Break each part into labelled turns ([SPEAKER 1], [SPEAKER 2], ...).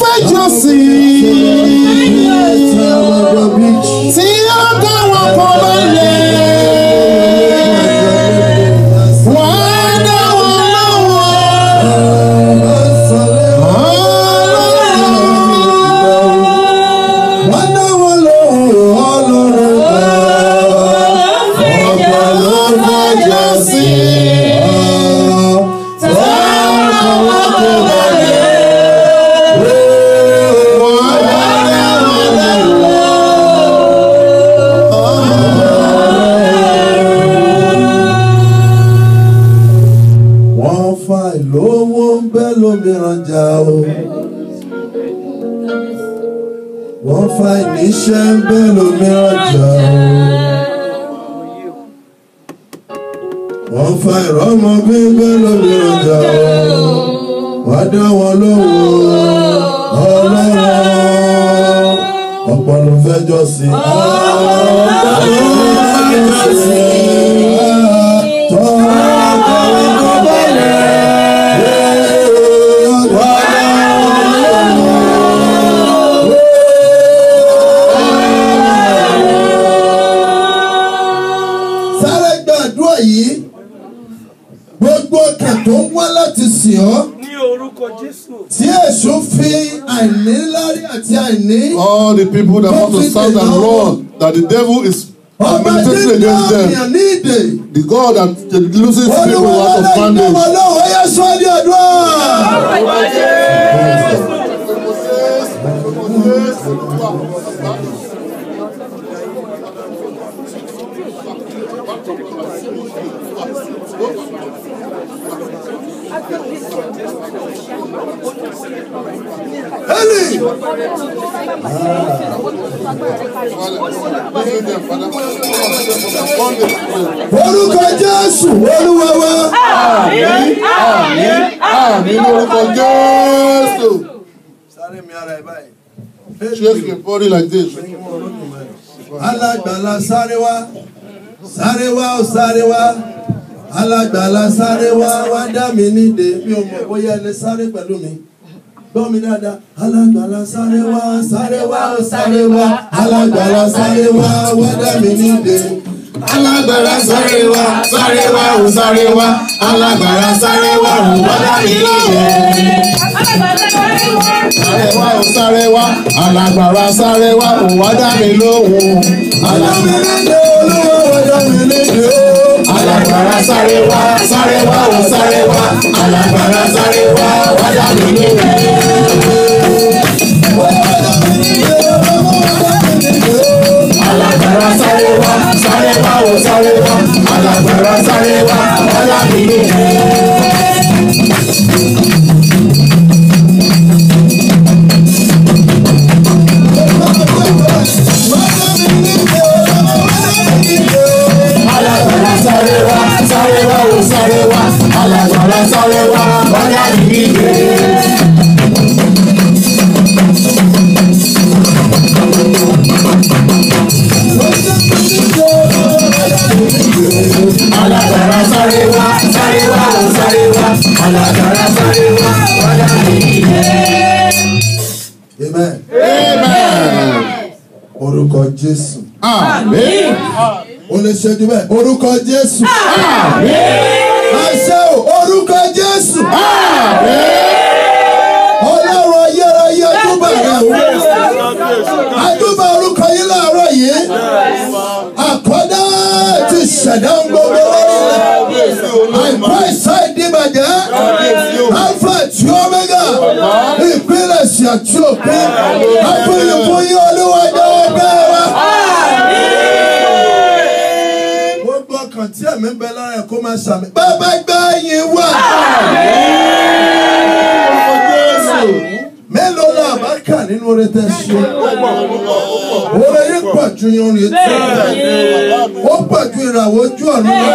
[SPEAKER 1] fẹ́ jọ́sìn.
[SPEAKER 2] الشاب من
[SPEAKER 3] served and Lord, that the devil is administrating against them. The God that loses people out
[SPEAKER 2] of bondage.
[SPEAKER 1] Thank you. Eli! Orúkọ Jésù Olúwa wa.
[SPEAKER 3] Àmín àmín àmín orúkọ Jésù. Sáré mi ara ẹ̀ báyìí. Jésù kì í like this.
[SPEAKER 2] Alágbàlá sáré wá, sáré wá ó sáré wá alágbàlá sáré wá wá dá mi níde mi ò mọ̀ bóyá ẹni sáré pẹ̀lú mi gbọ́ mi dáadáa. alágbàlá sáré wá sáré wá sáré wá alágbàlá sáré wá wá dá mi níde. alágbàlá sáré wá sáré wá ò sáré wá
[SPEAKER 1] alágbàlá sáré wá ò wá dá mi níde. sáré wá
[SPEAKER 3] sáré sáré wá alágbàlá sáré wá ò dá mi lóhùn. alágbàlá sáré wá ò dá mi níde. Alagbara sáré wá sáré wá o sáré wá alàgbàrá sáré wá wájà mi ní rẹ̀. alàgbàrá sáré wá sáré wá o sáré wá
[SPEAKER 1] alàgbàrá sáré wá wájà mi ní rẹ̀.
[SPEAKER 2] Jésù. Àmín. O lè ṣe jù bẹ́ẹ̀. Orúkọ Jésù. Àmín. Àṣẹ o, orúkọ Jésù. Àmín. Ọlọ́run ayérayé àdúgbò rẹ̀ o. Àdúgbò orúkọ yìí láàárọ̀ yìí. Àkọ́dá ti ṣẹ̀dá gbogbo lórí rẹ̀. Àìpá ìsá ìdíbàjẹ́. Alfa ti Omega. Ìpínlẹ̀ sí àti òpin. Àfihàn fún yín olúwa dáadáa. ẹ̀mí bẹ lára ẹ̀ kó máa sàmì. bàbá gbẹ̀yìn wà. mélòó la bá kà nínú oore tẹ ṣe. oore yìí pọ̀ ju irun yìí tó. ó pọ̀ ju ìràwọ̀ ojú ọ̀run lọ.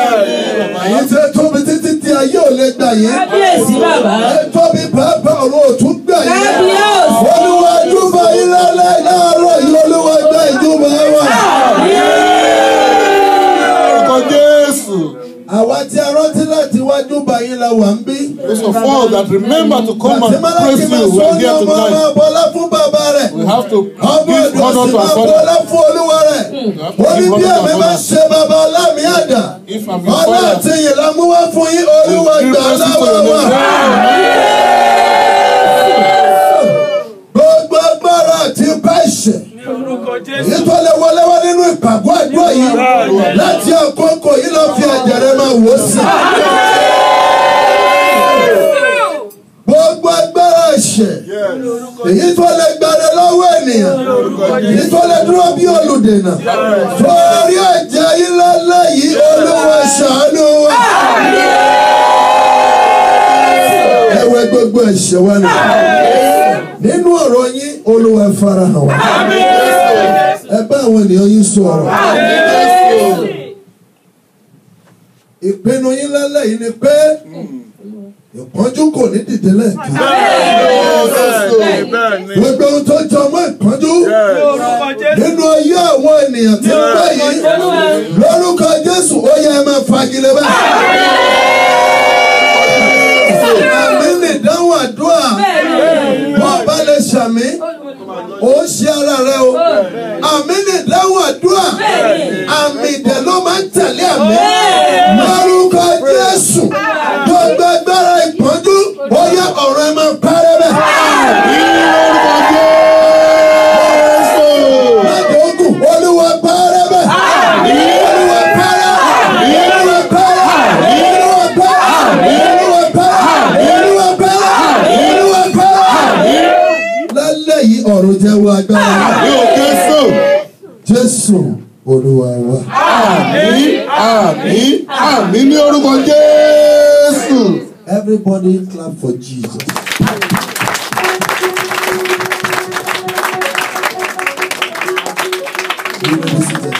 [SPEAKER 2] èyí tẹ tóbi títí tí ayé ò lè gbà yín. kábíyèsí bàbá. ẹ tóbi bàbá ọ̀run ò gbà yín. kábíyèsí. olúwa júbà ilé lẹ́yìn láàárọ̀ yìí olúwa gbà ìjùmọ̀ ẹ wà. tí a láti wájú báyìí la wà ń bí. those of all that remember to come and praise you we are here tonight. ọmọ bọlá fún bàbá rẹ̀. we have to give honour to our father. ọmọ bọlá fún olúwa rẹ̀. ó bí èmi bá ṣe bàbá ọlá àdá. ọlá àti ìyìnlá mú wá fún yín olúwa gbà láwàá wa. nítorí lè wọlé wá nínú ìpàgọ́ àjọ yìí láti àkókò yìí lọ fi ẹ̀jẹ̀ rẹ máa wò sí. gbogbo agbára ẹ̀ṣẹ̀ èyí tó lè gbàdé lọ́wọ́ ènìyàn èyí tó lè dúró bí olùdènà torí ẹ̀jẹ̀ yìí lálẹ́ yìí olúwa ṣàánú wa. ẹ wẹ gbogbo ẹ̀ṣẹ̀ wa nù nínú ọ̀rọ̀ yín olúwa farahàn wa àwọn ènìyàn yín sọ ọ̀rọ̀. ìpinnu yín lálẹ́ yìí ni pé ìpọ́njú kò ní dìde lẹ́ẹ̀kan. gbogbo ohun tó jọ mọ́ ìpọ́njú nínú ayé àwọn ènìyàn tí ń bẹ yìí lórúkọ Jésù ó yẹ ẹ máa fagilé báyìí. àmì nìdánwò àdúrà. ó ṣe ara rẹ o àmì nìdáhùn àdúrà àmì ìdẹ̀ ló máa ń tẹ̀lé àmì lórúkọ Jésù. olúwa agbára yóò Jésù Jésù olúwa wa. àmín àmín àmín ní orúkọ Jésù. everybody clap for Jesus. Thank you.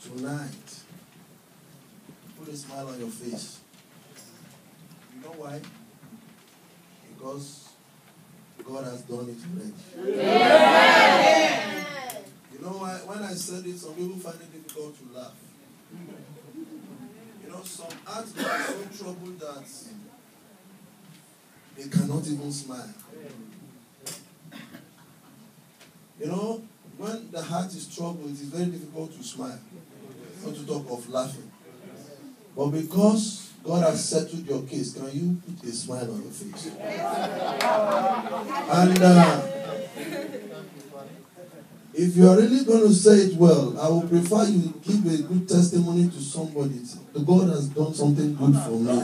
[SPEAKER 2] tonight put a smile on your face. some hearts are so troubled that they cannot even smile. You know, when the heart is troubled, it is very difficult to smile, not to talk of laughing. But because God has settled your case, can you put a smile on your face? And uh, if you are really going to say it well, I would prefer you give a good testimony to somebody. God has done something good for me.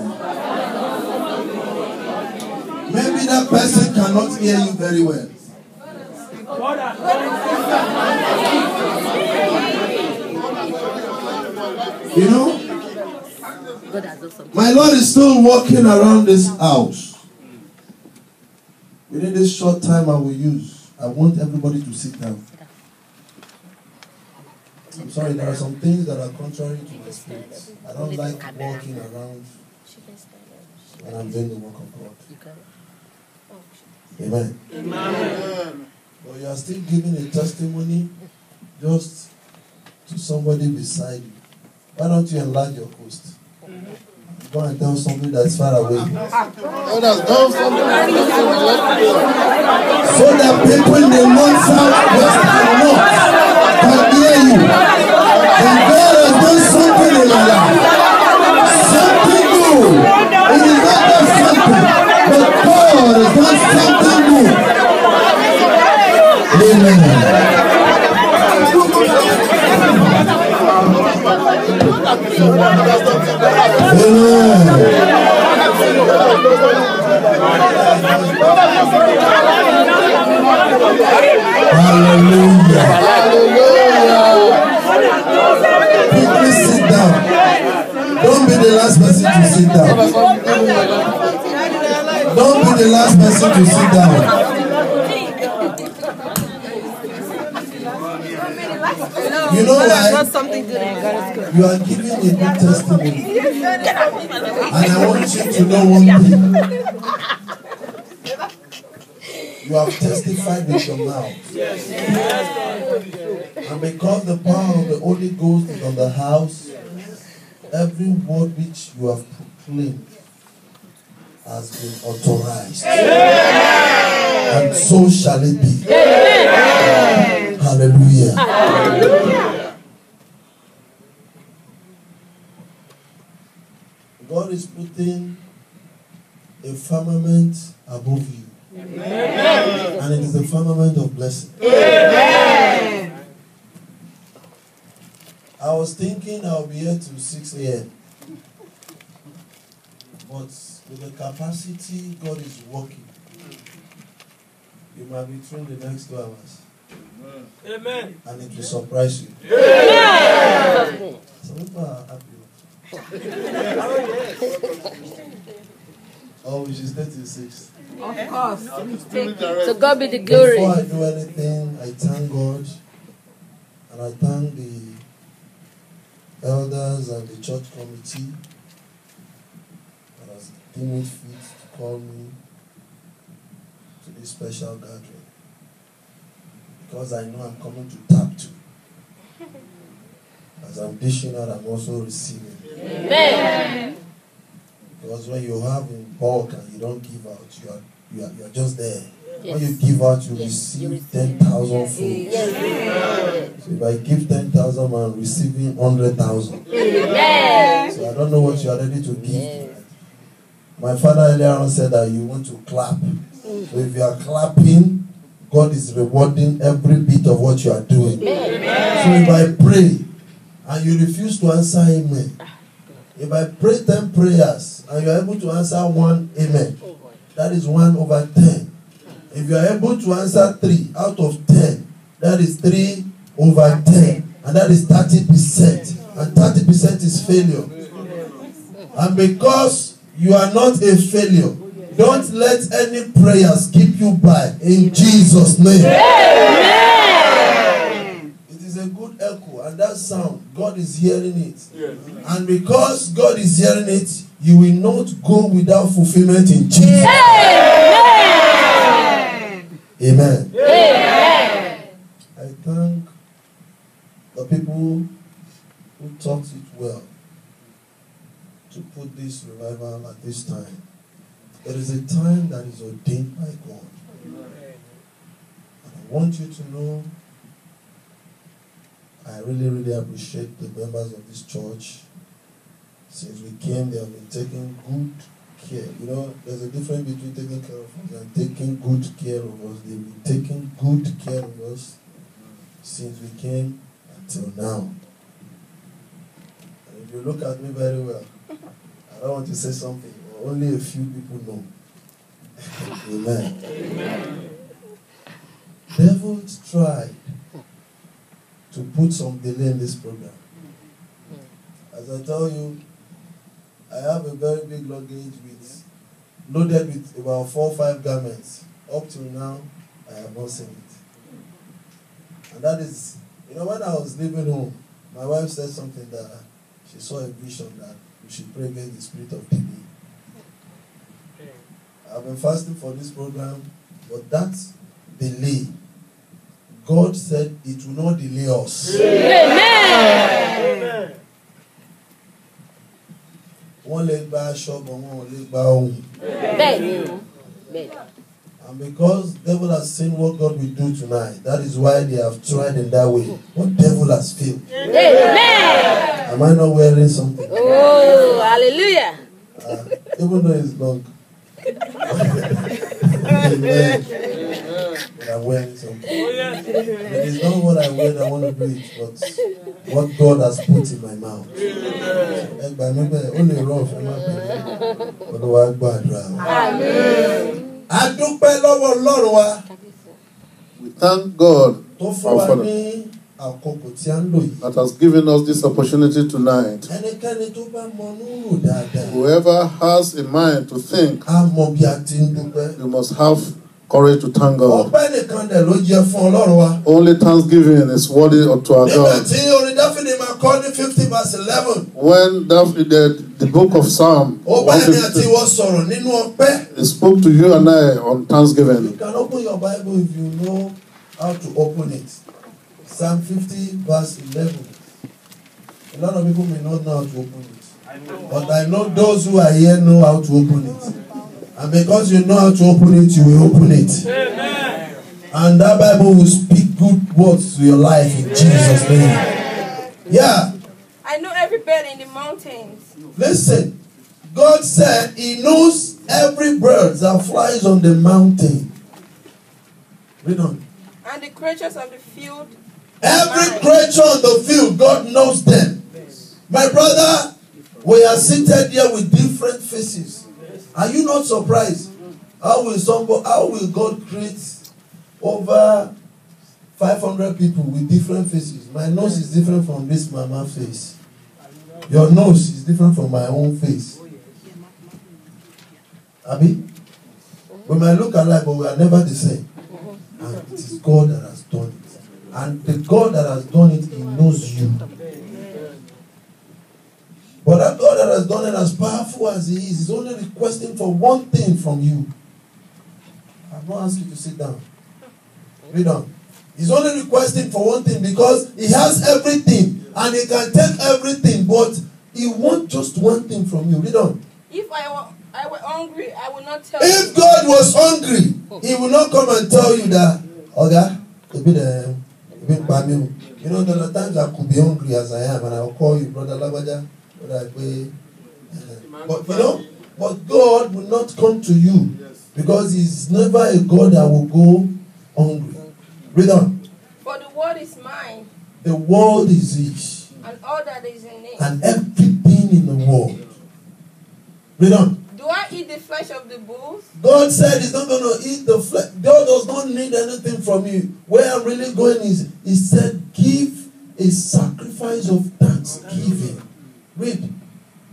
[SPEAKER 2] Maybe that person cannot hear you very well. You know, my Lord is still walking around this house. Within this short time, I will use. I want everybody to sit down. I'm sorry, there are some things that are contrary to my spirit. I don't like walking around when I'm doing the work of God. Amen. Amen. But you are still giving a testimony just to somebody beside you. Why don't you enlarge your coast? Go and tell somebody that's far away. So
[SPEAKER 1] that people in the north, south,
[SPEAKER 2] Hallelujah. Hallelujah. Quickly sit down. Don't be the last person to sit down. Don't be the last
[SPEAKER 4] person to sit down. You know why?
[SPEAKER 2] You are giving a good testimony. And I want you to know one thing have testified with your mouth. And because the power of the Holy Ghost is on the house, every word which you have proclaimed has been authorized. And so shall it be. Hallelujah. Hallelujah. God is putting a firmament above you.
[SPEAKER 1] Amen.
[SPEAKER 2] And it is a firmament of blessing. Amen. I was thinking I'll be here till 6 a.m. But with the capacity God is working, you might be through the next two hours. Amen. And it will surprise you.
[SPEAKER 1] Some people are happy.
[SPEAKER 2] oh, which is 36.
[SPEAKER 1] Of course. So God be the glory. Before I do
[SPEAKER 2] anything, I thank God and I thank the elders and the church committee that has deemed fit to call me to this special gathering because I know I'm coming to tap to. As I'm dishing out, I'm also receiving. Amen. Amen. Because when you have in bulk and you don't give out, you are you are, you are just there. Yes. When you give out, you yes. receive, ten thousand yes. Yes. So if I give ten thousand, I'm receiving hundred thousand.
[SPEAKER 1] So I don't
[SPEAKER 2] know what you are ready to give. My father earlier on said that you want to clap. So if you are clapping, God is rewarding every bit of what you are doing. So if I pray and you refuse to answer Amen. Ah. If I pray ten prayers and you are able to answer one amen, oh, that is one over ten. If you are able to answer three out of ten, that is three over ten, And that is thirty percent. And thirty percent is failure. And because you are not a failure, don't let any prayers keep you by. In Jesus' name. And that sound, God is hearing it. Yeah. And because God is hearing it, you will not go without fulfillment in Jesus. Amen. Amen. Amen. I thank the people who taught it well to put this revival at this time. There is a time that is ordained by God. And I want you to know I really, really appreciate the members of this church. Since we came, they have been taking good care. You know, there's a difference between taking care of us and taking good care of us. They've been taking good care of us since we came until now. And if you look at me very well, I don't want to say something, only a few people know. Amen. Amen. Devils try to put some delay in this program. Mm-hmm. As I tell you, I have a very big luggage with loaded with about four or five garments. Up to now, I have not seen it. Mm-hmm. And that is, you know, when I was leaving home, my wife said something that she saw a vision that we should pray against the spirit of delay. Mm-hmm. I've been fasting for this program, but that delay God said it will not delay us. Amen. Wọ́n lè gba aṣọ bọ̀ wọn ò lè gba ohùn. Bẹ́ẹ̀ni And because devil has seen what God will do tonight, that is why they have tried in that way. What devil has failed?
[SPEAKER 4] Amen.
[SPEAKER 2] Am I not wearing something?
[SPEAKER 4] Oh, hallelujah. Uh,
[SPEAKER 2] even though it's long. Amen. I went. So. It oh, is not what I went I want to preach, but what God has put in my mouth. Ẹgbà
[SPEAKER 1] níbẹ̀ only lè rọ̀ fún wa pẹ̀lú
[SPEAKER 2] olúwa gbàdúrà wa. A dúpẹ́ lọ́wọ́ Ọlọ́run wa.
[SPEAKER 3] We thank God our Father That has given us this opportunity tonight. Whoever has a mind to think. You must have Courage to thank God. Ọpẹ́ nìkan dẹ̀ ló jẹ fún Ọlọ́run wa. Only thanksgiving is worthy to our God. Nígbà tí orin Dáfídì máa kọ́ ní fifty verse eleven. When David the, the book of Psalm. Ó ẹni àti
[SPEAKER 2] ìwọ sọ̀rọ̀ nínú ọpẹ́.
[SPEAKER 3] He spoke to you and I on thanksgiving. You
[SPEAKER 2] can open your Bible if you know how to open it. Psalm fifty verse eleven. A lot of people may not know how to open it. But I know those who are here know how to open it. And because you know how to open it, you will open it. Amen. And that Bible will speak good words to your life in Jesus' name. Yeah.
[SPEAKER 4] I know every bird in the mountains.
[SPEAKER 2] Listen, God said He knows every bird that flies on the mountain. Read on.
[SPEAKER 4] And the creatures of the field.
[SPEAKER 2] Every creature on the field, God knows them. My brother, we are seated here with different faces. Are you not surprised? How will somebody, how will God create over 500 people with different faces? My nose is different from this mama face. Your nose is different from my own face. Abi? We might look alike, but we are never the same. And it is God that has done it. And the God that has done it, He knows you. But that God that has done it, as powerful as He is, is only requesting for one thing from you. I've not asked you to sit down. Read on. He's only requesting for one thing because He has everything and He can take everything, but He wants just one thing from you. Read on.
[SPEAKER 4] If I were, I were hungry, I would not tell If you. God was
[SPEAKER 2] hungry, He will not come and tell you that, Oga, to be the. You know, there are times I could be hungry as I am, and I will call you, Brother Labaja. Right way, uh, but you know but God will not come to you because He's never a God that will go hungry read on. for the world is mine. the world is his.
[SPEAKER 4] and all that is in it.
[SPEAKER 2] and everything in the world. read on.
[SPEAKER 4] Do I eat the flesh of the bulls?
[SPEAKER 2] God said He's not going to eat the flesh. God does not need anything from you. Where I'm really going is He said, Give a sacrifice of thanksgiving. Read.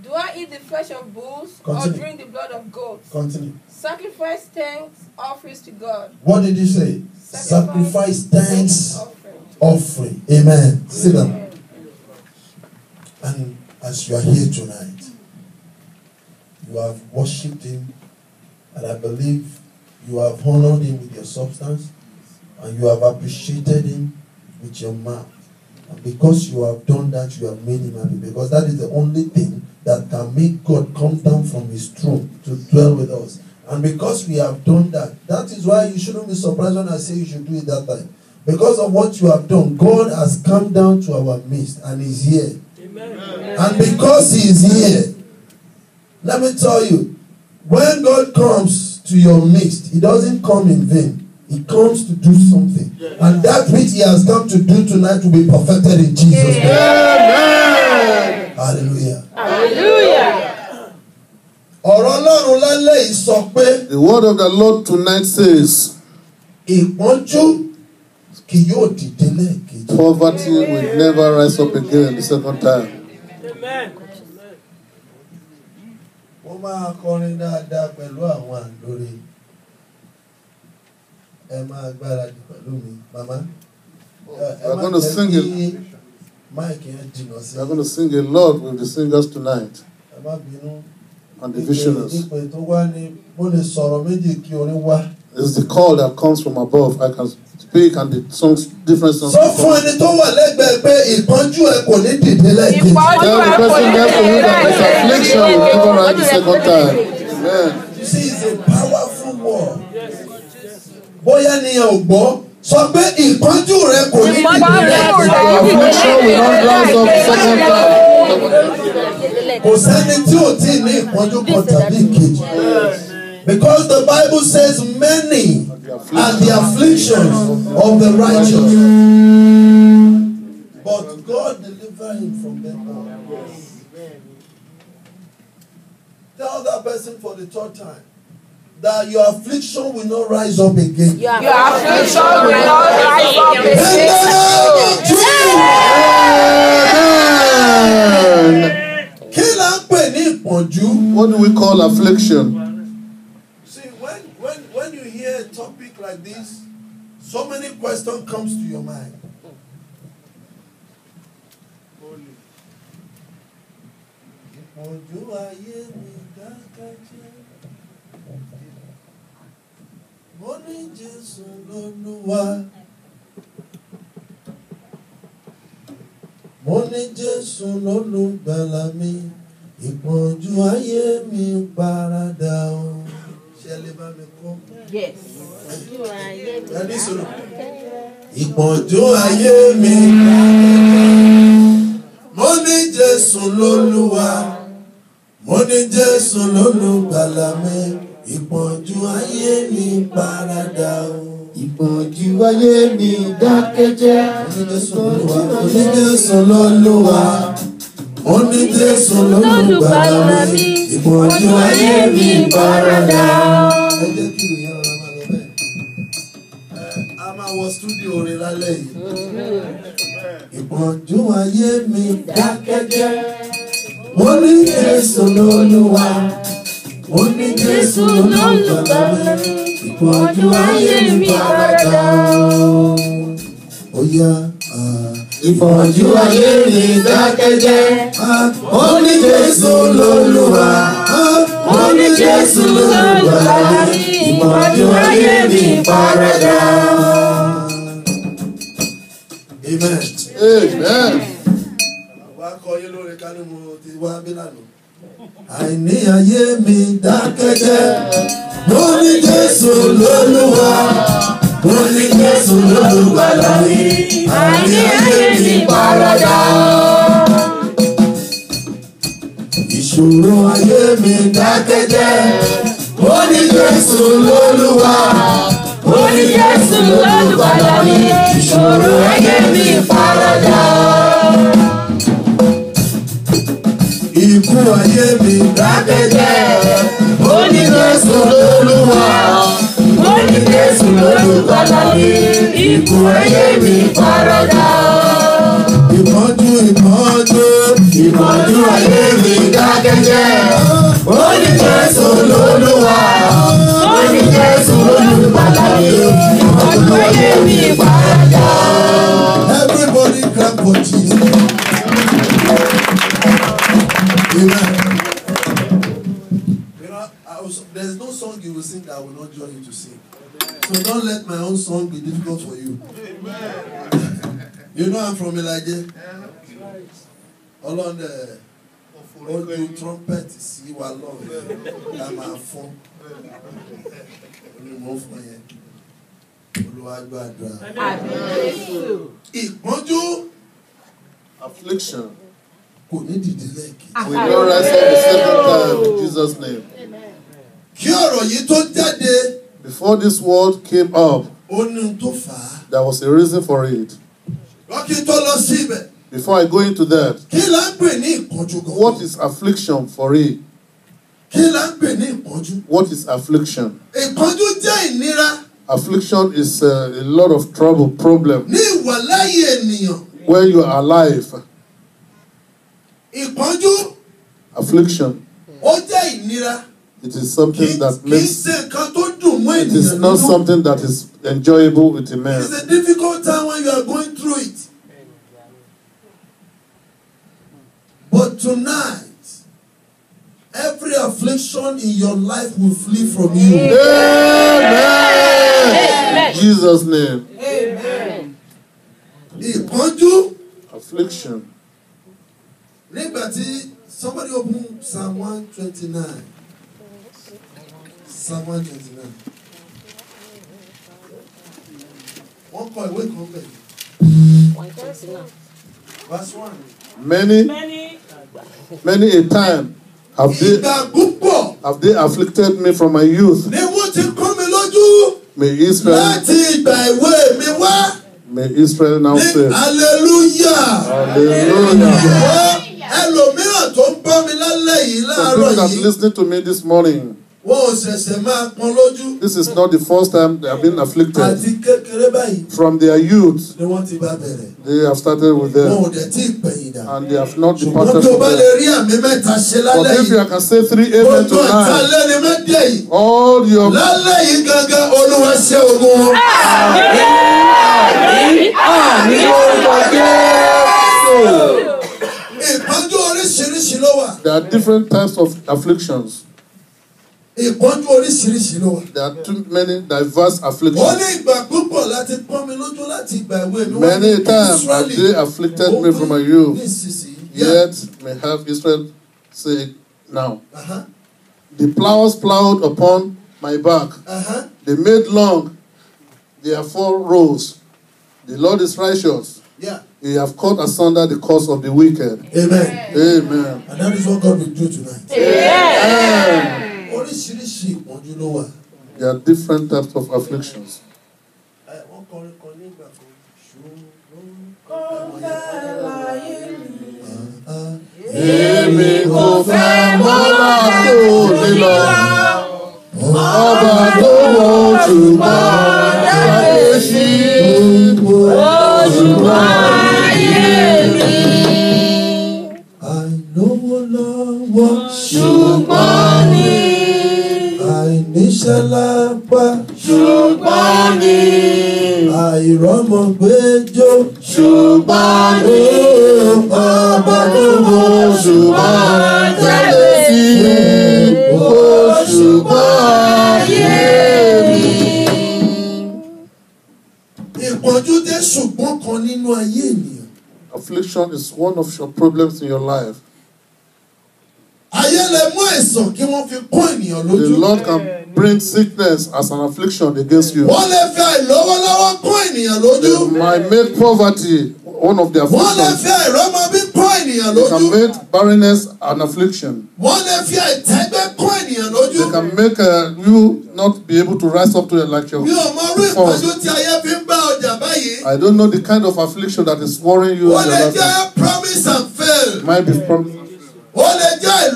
[SPEAKER 4] Do I eat the flesh of bulls Continue. or drink the blood of goats? Continue. Sacrifice thanks offerings to God.
[SPEAKER 2] What did you say? Sacrifice, Sacrifice thanks offering. offering. Amen. Amen. Sit down. And as you are here tonight, you have worshipped Him, and I believe you have honored Him with your substance, and you have appreciated Him with your mouth. And because you have done that, you have made him happy. Because that is the only thing that can make God come down from his throne to dwell with us. And because we have done that, that is why you shouldn't be surprised when I say you should do it that time. Because of what you have done, God has come down to our midst and is here. Amen. And because he is here, let me tell you, when God comes to your midst, he doesn't come in vain. He comes to do something. And that which he has come to do tonight will be perfected in Jesus' name. Amen.
[SPEAKER 3] Hallelujah.
[SPEAKER 2] Hallelujah.
[SPEAKER 3] Ọ̀rọ̀ Ọlọ́run lálẹ́ sọ pé. The word of the Lord tonight says. Ìpọ́njú kì yóò dìde lẹ́ẹ̀kejì. Poverty will never rise up again the second time.
[SPEAKER 2] Wọ́n máa kọrin dáadáa pẹ̀lú àwọn àǹdóre ẹ máa
[SPEAKER 3] gbáradì pẹ̀lú mi màmá
[SPEAKER 2] ẹ má jẹ́ kí máìkì yẹn
[SPEAKER 3] jìnnà sí. we are sing a lot with the singers tonight.
[SPEAKER 2] ẹ má bínú.
[SPEAKER 3] and the visioners.
[SPEAKER 2] ìpè tó wá ní mo lè sọ̀rọ̀ méjì kí orin wá.
[SPEAKER 3] It's the call that comes from above. I can speak and the songs, different songs. Sọ fún ẹni tó wà lẹ́gbẹ̀ẹ́ pé ìpọ́njú
[SPEAKER 2] ẹ kò ní dìde lẹ́gbẹ̀ẹ́. Ìpọ́njú ẹ kò ní dìde lẹ́gbẹ̀ẹ́. Tell the person next to you that his affliction will never rise the second time. Amen. You see, a powerful word
[SPEAKER 3] bóyá nìyẹn ò
[SPEAKER 2] gbọ́ sọ pé ìpọ́njú rẹ kò ní ìpínlẹ̀ kò sẹ́ni tí ò tí ì ní ìpọ́njú kan tàbí ìkejì because the Bible says many are the afflictions of the righteous but God deliver him from them all. Tell that person for the third time that your affliction will not rise up again. Your, your affliction will not rise up again.
[SPEAKER 3] Amen. Kí la ń pè ní ìpọ́njú? What do we call affliction?
[SPEAKER 2] See, when, when, when you hear a topic like this, so many questions comes to your mind. Ìpọ́njú ayé mi dákẹ́ mo ní Jésù lólúwa. mo ní Jésù lólùgbàlà mi ìpọ́njú ayé mi paradà o. yes. ẹ ní sọ̀rọ̀. ayé mi paradà mo ní Jésù lólúwa mo ní Jésù lólùgbàlà mi ìpọ́njú ayé mi paradà o. ìpọ́njú ayé mi dákẹ́jẹ́. onídẹ̀sán lọ́lọ́wà onídẹ̀sán lọ́lọ́gbàdà mi ìpọ́njú ayé mi paradà o. ẹ jẹ́ kí ìròyìn ọ̀rọ̀ máa lọ bẹ́ẹ̀. a máa wọ stúdíò orin lálẹ́ yìí. ìpọ́njú ayé mi dákẹ́jẹ́. onídẹ̀sán lọ́lọ́wà
[SPEAKER 4] ó ní Jésù lólùgbàlà mi
[SPEAKER 2] ìpọ́njú ayé mi faradà o. ó yá ìpọ́njú ayé mi
[SPEAKER 1] dákẹ́jẹ́ ó ní Jésù lólùwà ó ní
[SPEAKER 2] Jésù lólùgbàlà mi
[SPEAKER 3] ìpọ́njú ayé mi faradà o. Amen. Amen. Wàá kọ yín lórí kánú mo
[SPEAKER 2] ti wá bí lánàá àìní ayé mi dákẹ́jẹ́ mo ní Jésù lólúwa mo ní Jésù lólúwa láyé àìní ayé mi paradà. ìṣòro ayé mi dákẹ́jẹ́ mo ní Jésù lólúwa mo ní Jésù
[SPEAKER 1] lólúwa láyé ìṣòro ayé mi paradà. ìkú ayé mi dákẹ́jẹ́ ó ní Jésù lólúwa ó ní Jésù lólùgbàlà mi ìkú ayé mi faradà. ìmọ̀jú ìmọ̀jú ìmọ̀jú ayé mi dákẹ́jẹ́ ó ní Jésù lólúwa.
[SPEAKER 2] man from Elijah. Ìlàjẹ ọlọ́dẹ ó ju trumpet sí wa lọ́wọ́ I'm a fool. I'm fún yẹn olùwàgbàdà. ìpọ́njú. affliction. I'm ní dìde lẹ́ẹ̀kì. Ah, we no rise up the second time in oh. Jesus' name.
[SPEAKER 3] kí ọ̀rọ̀ yìí tó jáde. before this word came up. ó ní tó fà á. there was a reason for it. Before I go into that. What is affliction for it? What is affliction? Affliction is uh, a lot of trouble, problem. Ní When you are alive. Affliction. It is something that makes mú it is not something that is enjoyable with a man. it's
[SPEAKER 2] a difficult time when you are going through it. But tonight, every affliction in your life will flee from you. Amen. Amen. Jesus' name. Amen.
[SPEAKER 3] Ìpọ́njú. Affliction.
[SPEAKER 2] Nígbà somebody open Psalm 129. Psalm 129. wọ́n kọ ìwé kan
[SPEAKER 3] bẹ̀. Many, many a time have they, have they afflicted me from my youth. Ní wọ́n ti kọ́ mi lójú. May Israel. Láti ìgbà ìwé mi wá. May Israel now say. Hallelujah. Hallelujah. Ẹlòmíràn tó ń bọ́ mi lálẹ́ yìí láàárọ̀ yìí. Some people that lis ten to me this morning. This is not the first time they have been afflicted. From their youth, they have started with them. And they have not departed from them. But if you can say three amen
[SPEAKER 2] tonight, all your...
[SPEAKER 3] There are different types of afflictions. Ìpọ́njú oríṣiríṣi ló wà. There are too many diverse afflictions. Ó ní ìgbà púpọ̀ láti pọ́n mi lójú láti ìgbà ìwé mi Many times have they afflicted me from my youth. Yet may have Israel say now. The ploughs plowed upon my back. They made long their four rows. The Lord is righteous. He have cut asunder the cause of the wicked. Amen. Amen. Amen. And that is what God will do tonight. Amen. Amen oríṣiríṣi ìpọ́njú ló wà. There are different types of afflictions.
[SPEAKER 2] Wọ́n kọrin kan nígbà kan ṣùgbọ́n. Kò fẹ́ láyé
[SPEAKER 1] mi. Èmi kò fẹ́ mọ́ láti òní lọ. Ọba tó wọ́n ṣùgbọ́n ẹ̀ka lè ṣí.
[SPEAKER 2] iṣẹ́ lápá. ṣùgbọ́n ní. àìrọ́mọgbẹ́jọ́. ṣùgbọ́n ní. ọba
[SPEAKER 1] ṣùgbọ́n jáde sí i.
[SPEAKER 3] òṣùgbọ́n ayé mi. ìpọ́njú dé ṣùgbọ́n kan nínú ayé ènìyàn. Affliction is one of your problems in your life. Ayé lè mú àìsàn kí wọ́n fi kó ènìyàn lójú. The Lord can bring sickness as an affliction against you. wọ́n lè fi
[SPEAKER 2] àìlówólọ́wọ́
[SPEAKER 3] kún ènìyàn lójú. they might make poverty one of their afflictions. wọ́n lè fi àìrọ́mọ bí kún ènìyàn lójú. they can make barrenness an affliction. wọ́n lè fi àìtẹ́gbẹ́ kún ènìyàn lójú. they can make uh, you not be able to rise up to the lecture. mi ò mọ irú ìpọ́njú tí ayé
[SPEAKER 2] fi ń bá ọjà báyìí.
[SPEAKER 3] I don't know the kind of affliction that is worrying you. wọ́n lè jẹ́ promise and fail. might be promise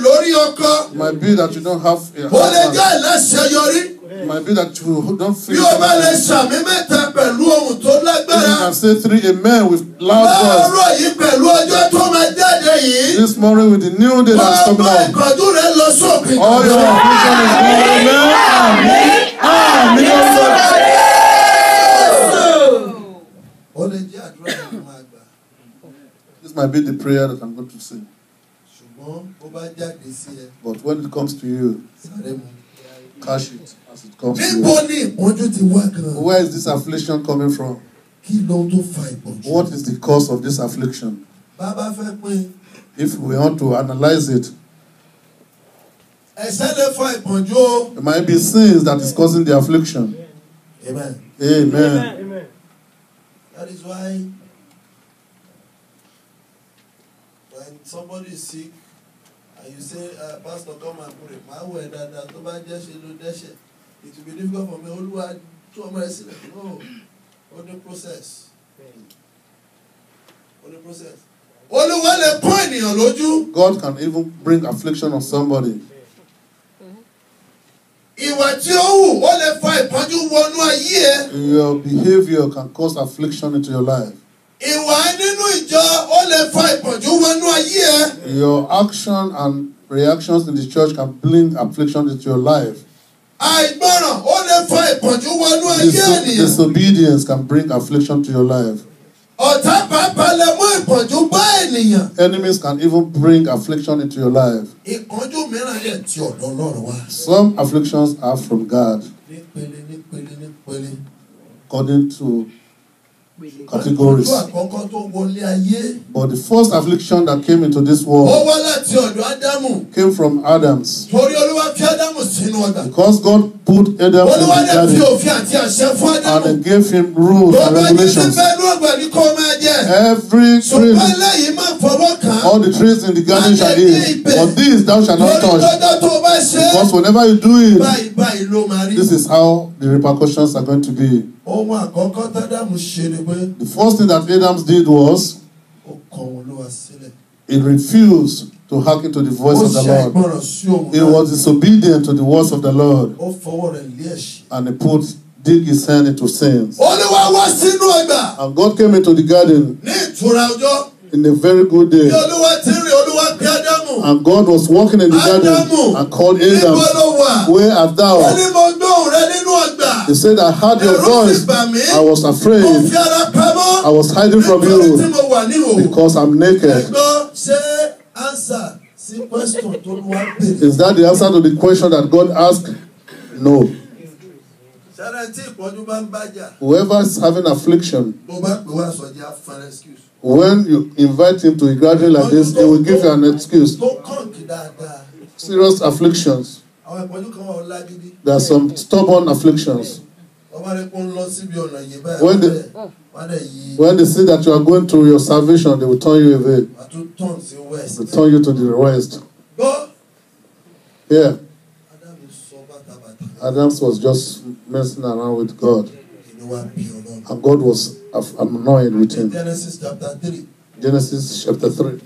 [SPEAKER 3] lórí ọkọ. might be that you don't have a husband. o lè jẹ́ ìlàṣeyọrí. might be that you don't feel. bí o bá lè ṣàmì mẹ́ta pẹ̀lú ohun tó lágbára. you can say three amen with loud voice. láàárọ̀ yìí pẹ̀lú ọjọ́ tó máa jáde yìí. this morning with the new day that is coming out. ọmọ ìkọ̀jú rẹ̀ lọ sókè. all your vision is good amen amen amen amen. o lè jẹ́ àdúrà this might be the prayer that I'm going to sing. But when it comes to you, cash it as it comes to you. Where is this affliction coming from? What is the cause of this affliction? If we want to analyze it, it might be sins that is causing the affliction. Amen. Amen.
[SPEAKER 2] Amen. That is why when somebody is sick, and you say uh, pastor come and pray máa wọ ẹ dáadáa tó bá jẹ́ ṣe ló it will be difficult for me olúwa tú ọmọ rẹ sílẹ̀ no ó ní process ó ní process
[SPEAKER 3] olúwa lè pọ́n ènìyàn lójú. God can even bring affliction on somebody.
[SPEAKER 2] Ìwà tí ó wù ó
[SPEAKER 3] lè fa ìpọ́njú wọnú ayé ẹ. Your behaviour can cause affliction into your life.
[SPEAKER 2] Ìwà nínú ìjọ ó lè fa ìpọ́njú
[SPEAKER 3] wọnú ayé ẹ. Your actions and reactions in the church can bring affliction into your life.
[SPEAKER 2] Àìgbọràn ó lè fa ìpọ́njú wọnú ayé ènìyàn.
[SPEAKER 3] Disobedience can bring affliction to your life. Ọ̀tá pàápàá lè mú ìpọ́njú bá ènìyàn. Enemies can even bring affliction into your life.
[SPEAKER 2] Ìpọ́njú mìíràn lè ti ọ̀dọ̀ Ọlọ́run wá.
[SPEAKER 3] Some afflictions are from God. Nípele
[SPEAKER 2] nípele nípele.
[SPEAKER 3] According to categories. But the first affliction that came into this world came from Adam's.
[SPEAKER 2] Because
[SPEAKER 3] God put Adam in the garden and gave him rules and regulations. Every tree All the trees in the garden shall eat, but this thou shalt not touch. Because whenever you do it, this is how the repercussions are going to be.
[SPEAKER 2] The
[SPEAKER 3] first thing that Adam did was he refused to hearken to the voice of the Lord. He was disobedient to the words of the Lord. And he put dig his hand into sins. And God came into the garden in a very good day. And God was walking in the garden and called Adam, Where art thou? He said, I heard your voice. I was afraid.
[SPEAKER 2] I
[SPEAKER 3] was hiding from you because I'm naked. Is that the answer to the question that God asked? No. Whoever is having affliction, when you invite him to a gathering like this, he will give you an excuse. Serious afflictions. There are some stubborn afflictions.
[SPEAKER 2] When they,
[SPEAKER 3] when they see that you are going through your salvation, they will turn you away.
[SPEAKER 2] They
[SPEAKER 3] turn you to the west. Yeah. Adams was just messing around with God. And God was annoyed with him. Genesis chapter 3. Genesis chapter 3.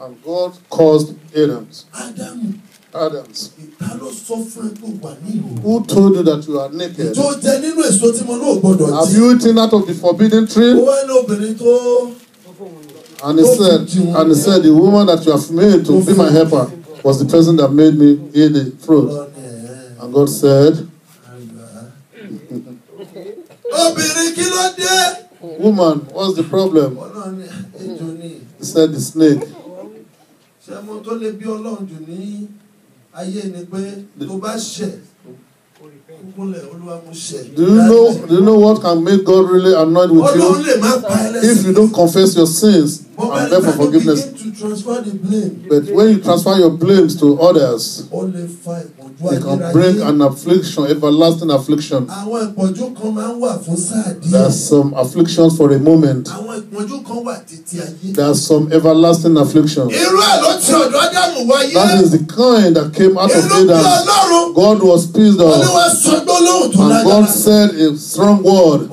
[SPEAKER 3] And God caused Adams.
[SPEAKER 2] Adam. Adams. Who
[SPEAKER 3] told you that you are naked? Have you eaten out of the forbidden tree? And he said, and he said, the woman that you have made to be my helper was the person that made me eat the fruit. And God said,
[SPEAKER 2] obìnrin kí ló dé.
[SPEAKER 3] woman what's the problem. he said the snake.
[SPEAKER 2] ṣé mo tó lè bí ọlọ́run jù ní ayé ni pé tó bá ṣẹ̀ do you
[SPEAKER 3] know do you know what can make God really annoyed with you. if you don't confess your sins and beg for forgiveness. to transfer the blame. But when you transfer your blames to others, they can bring an affliction, everlasting affliction. There's some afflictions for a moment. There's some everlasting afflictions. That is the kind that came out of Adam. God was pleased of. And God said a strong word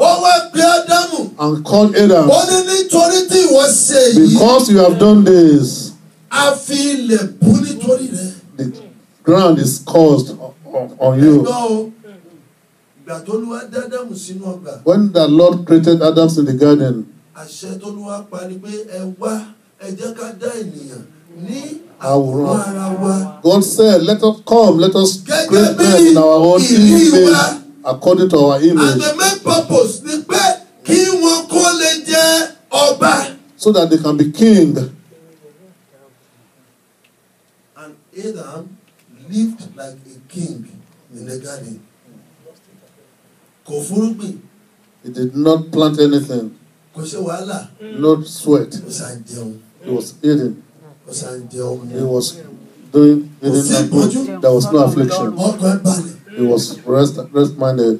[SPEAKER 3] and called Adam.
[SPEAKER 2] Because
[SPEAKER 3] you have done this.
[SPEAKER 2] I feel The
[SPEAKER 3] ground is cursed on, you. When the Lord created Adam in the garden. tó God said let us come let us create man in our own image according to our image. And the main purpose kí wọn kó lè jẹ́ ọba. so that they can be king.
[SPEAKER 2] and Adam lived
[SPEAKER 3] like a king in the garden. kò fúrúgbìn. he did not plant anything. kò ṣe wàhálà. no sweat. kò sàn jẹun. he was eating. kò sàn jẹun. he was doing eating and food. there was no affliction. he was rest rest minded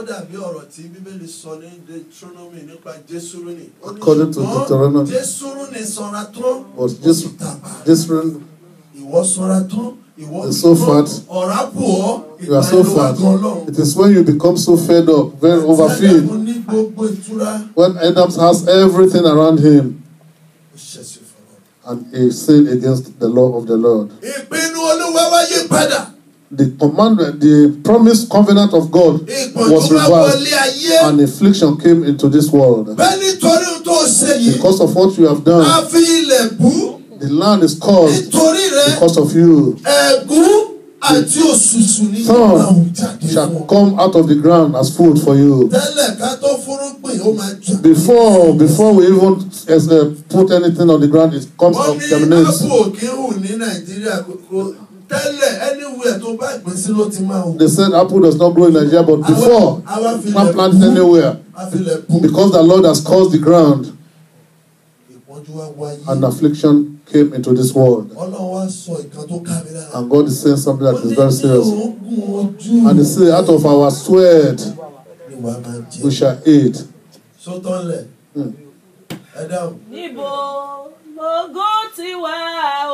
[SPEAKER 2] ó dàbí ọ̀rọ̀ tí bíbélì sọ ní deuteronomy nípa jésùrúnì. according to deuteronomy. jésùrúnì sọra tán.
[SPEAKER 3] but jésùrúnì. ìwọ sọra tán. ìwọ so fat.
[SPEAKER 2] ọ̀rá bù ọ́.
[SPEAKER 3] you are so fat. it is when you become so fed up very overfed. when Adam has everything around him. and he sinned against the law of the Lord. ìpinnu olúwa wáyé padà the commandment, the promised covenant of God was reversed, and affliction came into this world. Because of what you have done, the land is cursed because of you. àti òṣùṣù shall come out of the ground as food for you. before before we even as, uh, eh, put anything on the ground it comes from germinate.
[SPEAKER 2] wọ́n tẹ́lẹ̀ anywhere tó bá ìpín sí ló ti máa wù.
[SPEAKER 3] they said apple does not grow in Nigeria but before man plant anywhere because the Lord has caused the ground and affliction came into this world. And God is saying something that is very serious. And he say out of our sweat we shall eat. Mm.
[SPEAKER 4] níbo ti wá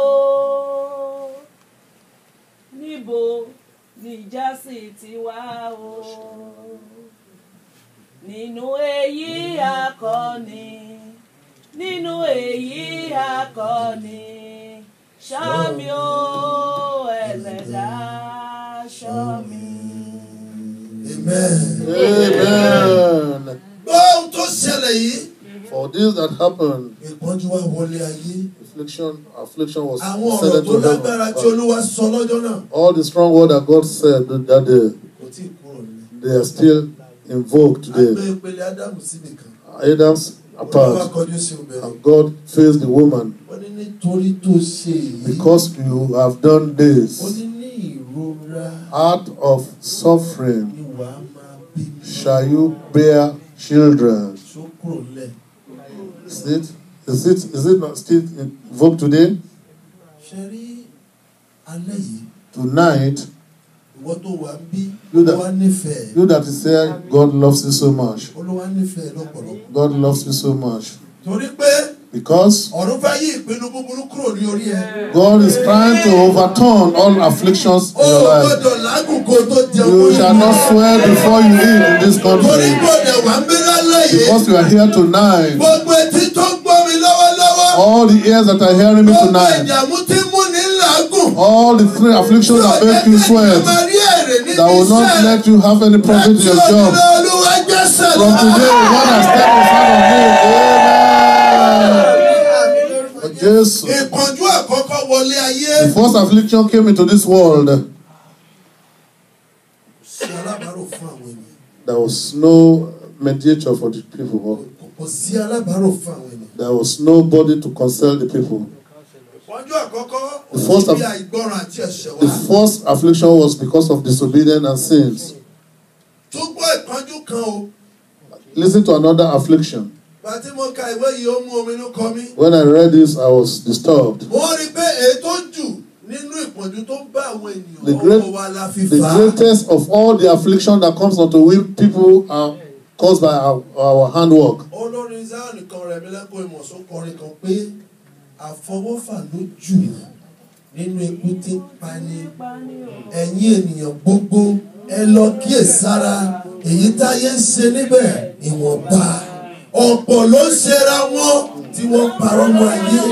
[SPEAKER 4] o níbo níjà sì ti wá o nínú èyí akọni nínú èyí akọni ṣọ́ o ẹlẹ́dà ṣọ́ mi.
[SPEAKER 1] amen. amen.
[SPEAKER 2] tó ṣẹlẹ̀ yìí. for this that happened.
[SPEAKER 3] ìpọ́njú wa wọlé ayé affliction, affliction was sent into heaven. All the strong word that God said that day, they are still invoked today. Adam's apart, and God faced the woman because you have done this out of suffering shall you bear children. it? Is it, is it not still in vogue today? Tonight, do that, Do that to say God loves you so much. God loves you so much. Because God is trying to overturn all afflictions in your life. You shall not swear before you eat in this country. Because you are here tonight all the ears that are hearing me tonight. All the three afflictions that make you sweat, that will not let you have any profit in your job. From today, one has stepped in front of you. Amen. Jesus. The first affliction came into this world. There was no mediator for the people. There was nobody to counsel the people.
[SPEAKER 2] The first,
[SPEAKER 3] the first affliction was because of disobedience and sins. Listen to another affliction. When I read this, I was disturbed. The, great, the greatest of all the affliction that comes unto people are caused by our, our handwork.
[SPEAKER 2] olórin zion kan rẹ̀ mílẹ́kọ̀ ìmọ̀sán kọrin kan pé àfọwọ́fà ló jù nínú ikú pani ẹ̀yin ènìyàn gbogbo ẹ lọ kíyèsára èyí táyé ń ṣe níbẹ̀ ìwọ̀nba ọ̀pọ̀ ló ń ṣera wọn tí wọ́n parọ́ mọ́ ayé.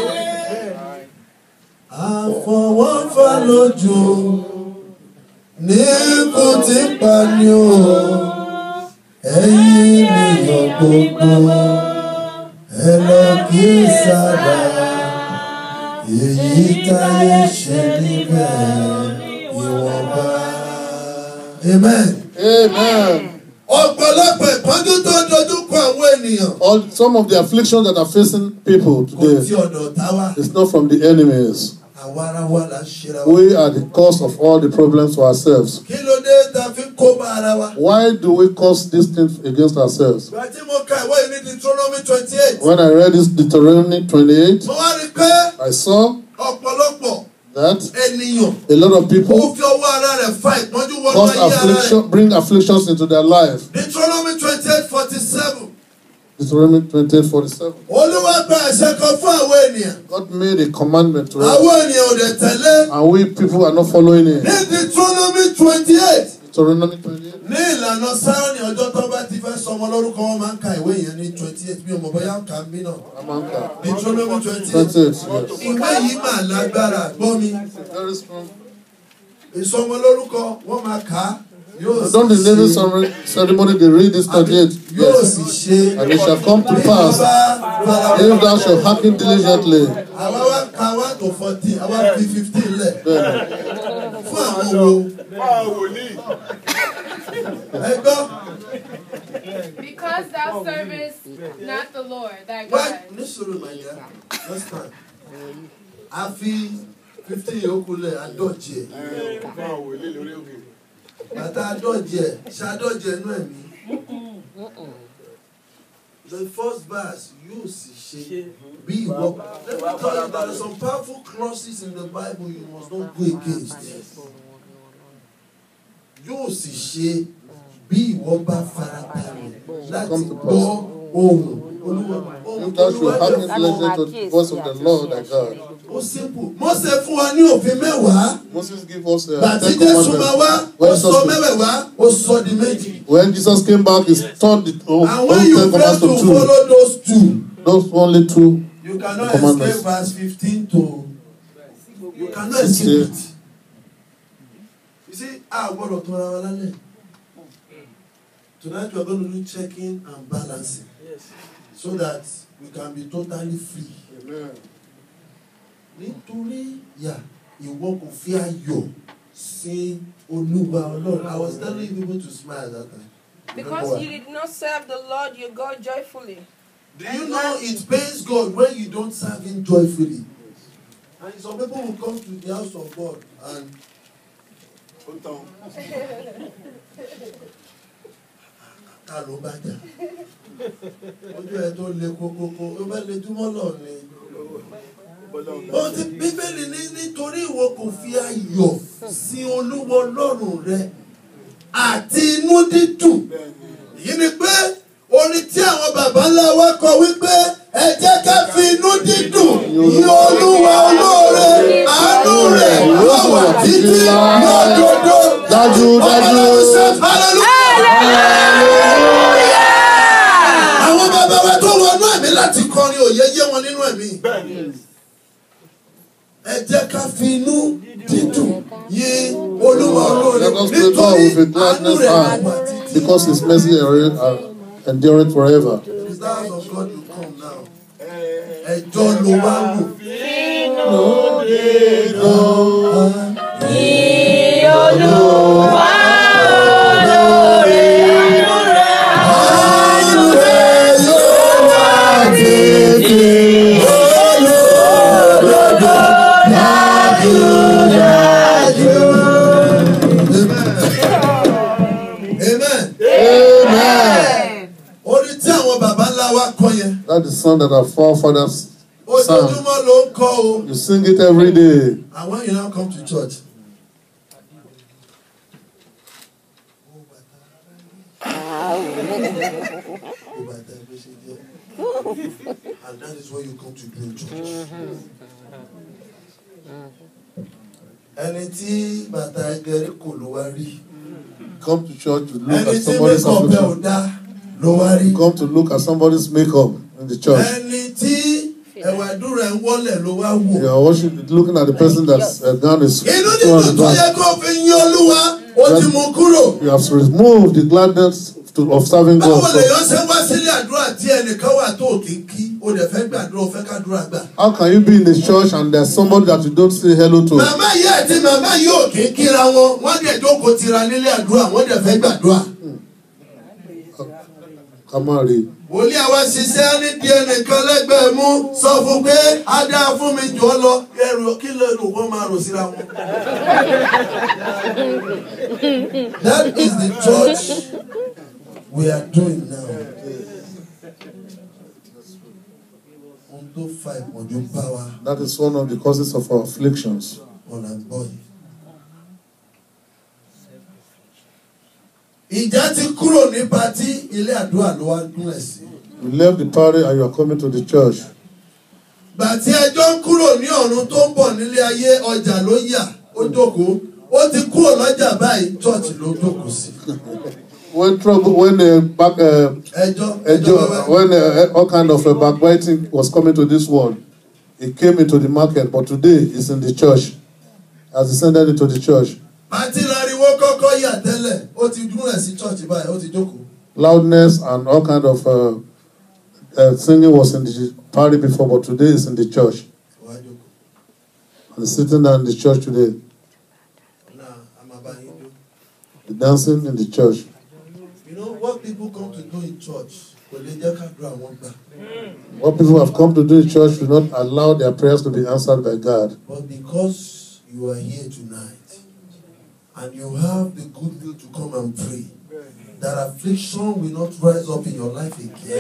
[SPEAKER 2] àfọwọ́fà ló jù ní ikú pani o ẹ̀yin ènìyàn gbogbo ẹ lọ kí
[SPEAKER 1] sára èyí táyé ṣe níbẹ̀
[SPEAKER 3] ìwọ̀nba. amen. amen. ọ̀pọ̀lọpọ̀ some of the afflictions that are facing people today. kò it's not from the enemies. We are the cause of all the problems to ourselves. Why do we cause these things against ourselves? When I read this Deuteronomy 28, I saw that a lot of people
[SPEAKER 2] cause affliction,
[SPEAKER 3] bring afflictions into their life. Deuteronomy twenty God made a commandment to us. And we people are not following it. Deuteronomy 28. Deuteronomy 28.
[SPEAKER 2] eight. Ní ìlànà Sáyọ́nì ọjọ́ tó bá ti fẹ́ sọmọ lórúkọ wọn máa ń ka Deuteronomy 28. eight. twenty eight yes. Ìwé yìí máa lágbára Very strong. During the naming
[SPEAKER 3] ceremony, they read this 38. Yes. And it shall come to pass if thou shalt hearken diligently.
[SPEAKER 2] Fún àwọn wo? Ẹ gbọ́.
[SPEAKER 4] Because thou servest not the Lord thy God. Wá
[SPEAKER 2] nísòro màyà lọ́sàn-án. A fi fifteen yòókù lẹ̀ àdọ́jì ẹ̀. Ẹ bá wòlé bàtà àdọ́jẹ ṣàdọ́jẹ inú ẹ̀mí. The first verse you sì ṣe bí ìwọ. Let me tell you there are some powerful crosses in the Bible you must not go against. Yóò sì ṣe bí ìwọ bá farabalẹ̀
[SPEAKER 3] láti gbọ́ ohùn olúwa. Thou shalt hearken to the voice of the Lord thy God. Mose
[SPEAKER 2] fún wa ní òfin mẹ́wàá.
[SPEAKER 3] Moses give us uh, ten commandments. Bàtí Jésù máa wá, ó sọ mẹ́wẹ̀wá, ó sọ di méjì. When Jesus came back, he turned the oh, whole ten commandments to two. And when you fail to follow those two. Those only two
[SPEAKER 2] You cannot escape verse fifteen, to. You cannot escape it. You see, a gbọ́dọ̀ tọ́ra wa lálẹ́. Tonight we are going to do checking and balancing. Yes. So that we can be totally free. Amen nítorí yà ìwọ kò fi ayọ̀ sí olúwa ọlọ́run i was telling people to smile that time. because you
[SPEAKER 4] did not serve the lord your god joyfully. do you and know it pains god when
[SPEAKER 2] you don't serve him joyfully and some people will come to the house of god and. ta ló bá jà ojú ẹ tó le kókókó ó bá le túmọ̀ lọ ó ti bíbélì ní nítorí ìwọ kò fi ayọ̀ sin olúwa ọlọ́run rẹ àti inú dídùn èyí ni pé orin tí àwọn baba ńlá wa kọ wípé ẹ jẹ́ ká fi inú dídùn yí olúwa olóore
[SPEAKER 3] àánú rẹ̀ lọ́wọ́
[SPEAKER 1] títí
[SPEAKER 2] lọ́dọọdọ. dájú dájú. àwọn baba wa tó wọnú ẹ̀mí láti kọrin òye yé wọn nínú
[SPEAKER 3] ẹ̀mí ẹ jẹ́ ká fi inú dídùn yìn olúwa olóore nítorí àánú rẹ̀ àgbà títí. because his mercy endureth forever.
[SPEAKER 1] ẹjọ́ ló wá wò. inú dídùn yìn olúwa.
[SPEAKER 3] That's the song that our forefathers sang. You sing it every day.
[SPEAKER 2] And when you now come to church. and that is what you come to do church. Ẹni tí bàtà ẹgẹrí kò
[SPEAKER 3] ló wá rí. Come to church to look at somebody's complexion. Ẹni tí makeup ẹ̀ ò dá ló wá rí. Come to look at somebody's makeup in the church. ẹni tí
[SPEAKER 2] ẹwà ìdúró ẹ wọlé ló wá
[SPEAKER 3] wò. you are watching looking at the person that's uh, down his. inú nínú tó yẹ
[SPEAKER 2] kó fi yín olúwa
[SPEAKER 3] ó ti mú kúrò. you have removed the gladness to of serving God. báwo lè yọ ṣe wá
[SPEAKER 2] sílé àdúrà tí ẹnìkan wà tó kì kí o lè fẹ́ gbàdúrà o fẹ́ kádúrà gbà.
[SPEAKER 3] how can you be in the church and there's somebody that you don't say hello to. màmá
[SPEAKER 2] yìí àti màmá yìí ò kì kíra wọn wọ́n dẹ̀ jókòó tira nílé àdúrà wọ́n dẹ̀ fẹ́ gbàdúrà.
[SPEAKER 3] kamari
[SPEAKER 2] wòlíì àwa ṣiṣẹ́ ní di ẹnìkan lẹ́gbẹ̀ẹ́ mú sọ fún pé á dá fún mi jọ lọ ẹrù kí lè lò wọ́n máa rò síra wọn.
[SPEAKER 1] That is the church
[SPEAKER 3] we are doing now. That is one of the causes of our afflictions. Ọ̀nà gbọ́yìí.
[SPEAKER 2] ìjà ti kúrò ní patí ilé àdúrà ló wá gúnlẹ̀ sí. you left the
[SPEAKER 3] party and you are coming to the church.
[SPEAKER 2] gbàtí ẹjọ́ ń kúrò ní ọ̀run tó ń bọ̀ nílé ayé ọjà ló yà ó jókòó
[SPEAKER 3] ó ti kúrò lọ́jà báyìí church ló jókòó sí. when trouble when uh, back, uh, ẹjọ́ ẹjọ́ when uh, all kind of uh, backbiting was coming to this world he came into the market but today he's in the church as he sent it to the church. pati Loudness and all kind of uh, uh, singing was in the party before, but today it's in the church. And sitting down in the church today. The dancing in the church.
[SPEAKER 2] You know what people come to do in church?
[SPEAKER 3] What people have come to do in church will not allow their prayers to be answered by God. But because you are here tonight.
[SPEAKER 2] and you have the goodwill to come and pray, that affliction will not rise up in your life again.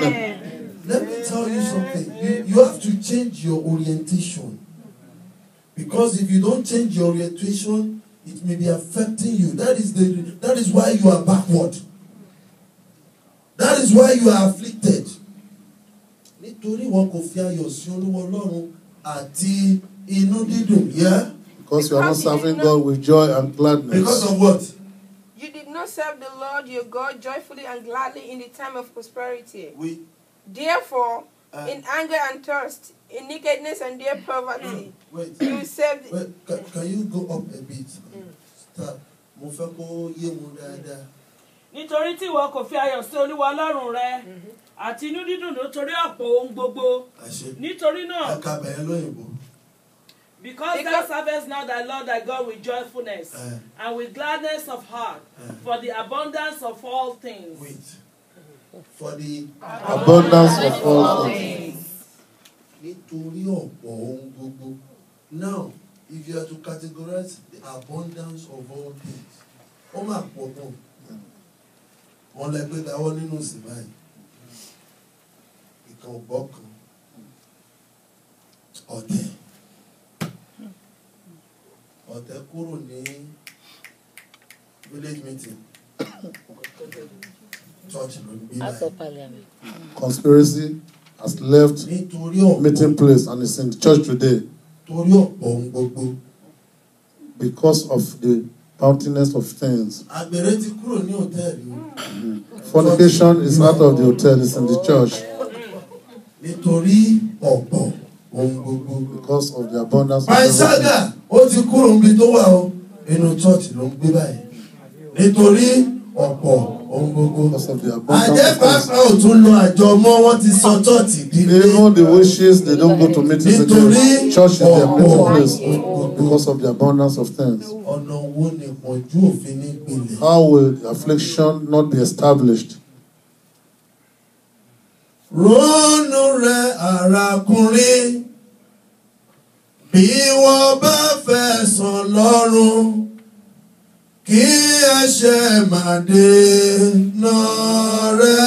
[SPEAKER 2] Amen. Let me tell you something. You, you have to change your orientation. Because if you don't change your orientation, it may be affecting you. That is, the, that is why you are backward. That is why you are afflicted. Nítorí wọn kò fi ayọ̀ sí Olúwa Ọlọ́run àti inú
[SPEAKER 3] dídùn yẹ́. Yeah? Because you are not serving God with joy and gladness. Because of what?
[SPEAKER 4] You did not serve the Lord your God joyfully and gladly in the time of prosperity. We, Therefore, uh, in anger and thirst, in nakedness and their poverty, mm.
[SPEAKER 2] wait, you served. Wait, can, can you go up a bit? Mm. Start. Mo yé mu dáadáa.
[SPEAKER 4] Nítorí tí ìwọ kò fi ayọ̀ sí Olúwa Ọlọ́run rẹ mm-hmm. àti inú dídùn ló torí ọ̀pọ̀ ohun gbogbo. Nítorí náà. Ẹ kábẹ̀ẹ́ lóyìnbó. Because, because thou servest now thy Lord thy God with joyfulness uh, and with gladness of heart uh,
[SPEAKER 2] for the abundance of all things. Wait.
[SPEAKER 3] For the abundance
[SPEAKER 2] of all things. Nítorí ọ̀pọ̀ ohun gbogbo. Now, if you are to categorize the abundance of all things, ó máa pọ̀ gan. Wọ́n lẹ gbé dáwọ́ nínú sí báyìí. Ìkan ọ̀gbọ́n kan. Ọ̀tẹ̀ ọ̀tẹ̀ kúrò ní village meeting church ló ń gbé báyìí.
[SPEAKER 3] conspiracy has left meeting place and is in the church today. torí ọ̀pọ̀ ohun gbogbo. because of the bountiness of things. àgbèrè ti kúrò ní hòtẹ́ẹ̀lì. Mm-hmm. fornication is out of the hotel it's in the church. nítorí ọ̀pọ̀ ohun gbogbo. because of the abundance of the
[SPEAKER 2] world ó ti kúrò níbi tó wà ó inú church ló ń gbé báyìí nítorí
[SPEAKER 3] ọ̀pọ̀ ohun gbogbo. àjẹpàpà ò tún lọ àjọ mọ́ wọ́n ti sọ church di pé. they know the wishes they don't go to meetings church is their meeting place because of the abundance of things. ọ̀nà wo ni ìpọ́njú òfin ní ìpìlẹ̀. how will affliction not be established?
[SPEAKER 2] ronú rẹ arákùnrin bí wọ́n bá fẹ̀sùn lọ́rùn kí ẹ̀ṣẹ̀ máa dènà rẹ̀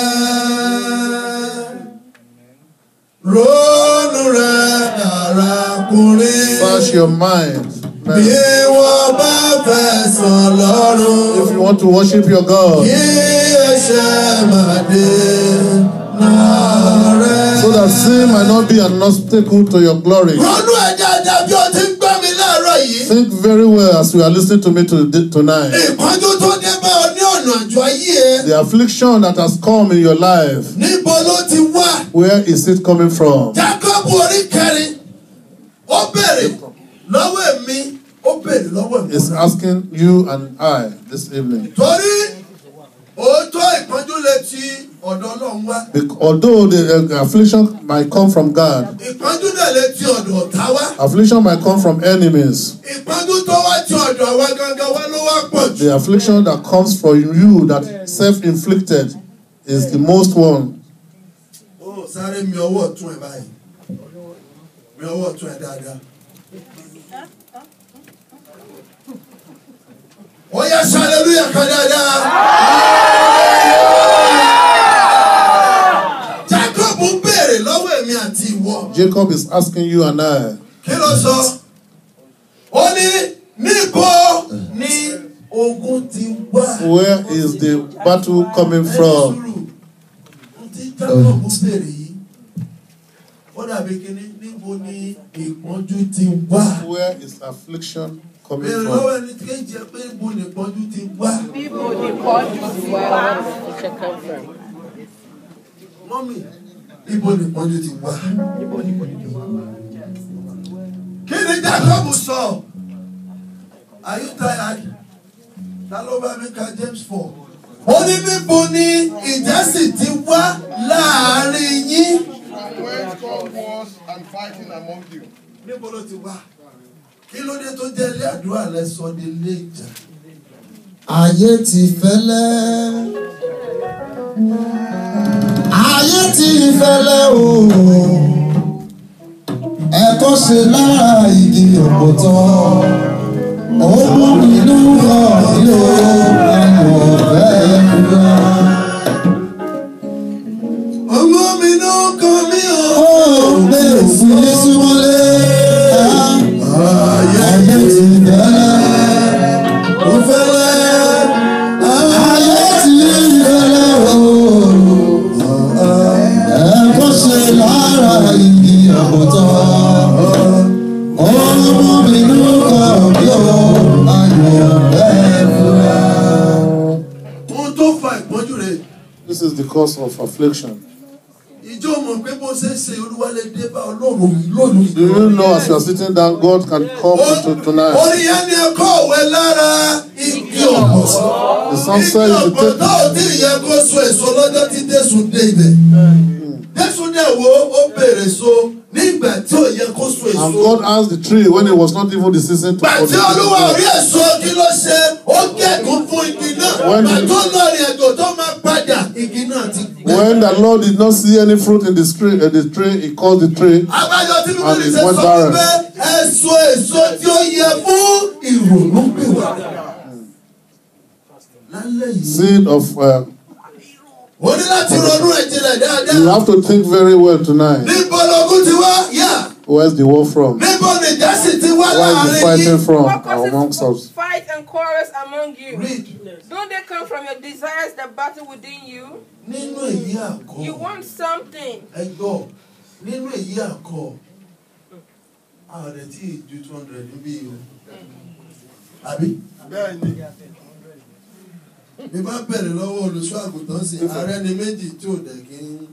[SPEAKER 3] ronú rẹ̀ arákùnrin. Pass your mind. Amen. If you want to worship your God, so that sin might not be an obstacle to your glory. Think very well as you are listening to me to, tonight. Ìpọ́njú tó dé bá ọ ní ọ̀nà àjọ ayé. The affliction that has come in your life. Níbo ló ti wá? Where is it coming from? Jacob orí kẹrin, ó béèrè lọ́wọ́ èmi, ó béèrè lọ́wọ́ èmi. He's asking you and I this evening. Torí òótọ́ ìpọ́njú lè ti ọ̀dọ̀ Ọlọ́run wá. Although the uh, affliction might come from God. Ìpọ́njú
[SPEAKER 2] lè ọ̀dọ̀ ọ̀tá wá.
[SPEAKER 3] affliction might come from enemies.
[SPEAKER 2] ìpọ́njú tó wá ti ọ̀dọ̀ àwa gangan wá ló wá
[SPEAKER 3] pọ̀ jù. the affliction that comes from you that self-inflicted is the most one.
[SPEAKER 2] ó sáré mi ọwọ́ ọ̀tún ẹ̀ báyìí mi ọwọ́ ọ̀tún ẹ̀ dáadáa. ó hallelujah kan dáadáa.
[SPEAKER 3] Jacob is asking you and I. Kí ló sọ? Ó ní níbo ni
[SPEAKER 2] ogun ti
[SPEAKER 3] wá? Where is the battle coming from? Ti Jacob bèrè yìí.
[SPEAKER 2] Ó dàbí kíní níbo ni ìpọ́njú ti wá? Where
[SPEAKER 3] is affliction coming from?
[SPEAKER 2] ibo ni pọ́njú ti wá. kí ni jacobu sọ are you tired ta ló bá mi ka James four. ó ní níbo ni ìjà sì ti wá láàárín yín.
[SPEAKER 3] went and fighting among you.
[SPEAKER 2] níbo ló ti wá kí ló dé tó jẹ́ ilé àdúrà lẹ sọ ní ilé ìjà. ayé ti fẹ́lẹ́ ayé ti fẹ́lẹ́ o ẹ̀kọ́ ṣe lára igi ọ̀pọ̀tọ́ ogún inú ọ̀lẹ́ omo
[SPEAKER 1] ọ̀fẹ́ ẹ̀kúrẹ́. ogún inú kan mi ò gbé òfin
[SPEAKER 3] cause of affliction. Do you know as you are sitting down God can come into tonight?
[SPEAKER 2] The song says you take. Igi ọ̀pọ̀sán so èso lọ́jọ́ tí Jésù dé
[SPEAKER 3] And God asked the tree when it was not even the season to. Gbàtí Olúwa When, when the Lord did not see any fruit in the tree, in the tree he called the tree and it went barren. Seed of uh, you have to think very well tonight. níbo where is the war from. where is the fighting from amongst us.
[SPEAKER 4] fight and chorus among you. Read don't they come from your desires that battle within you? Nínú
[SPEAKER 2] èyí àkọ́. You
[SPEAKER 4] want something.
[SPEAKER 2] Ẹ gbọ́, nínú èyí àkọ́, ààrẹ tí ju two hundred níbí o. Àbí? Bẹ́ẹ̀ni. Mi bá bẹ̀rẹ̀ lọ́wọ́ olùṣọ́ àgùntàn sí ààrẹ ni méjì tí ò dẹ̀ kí n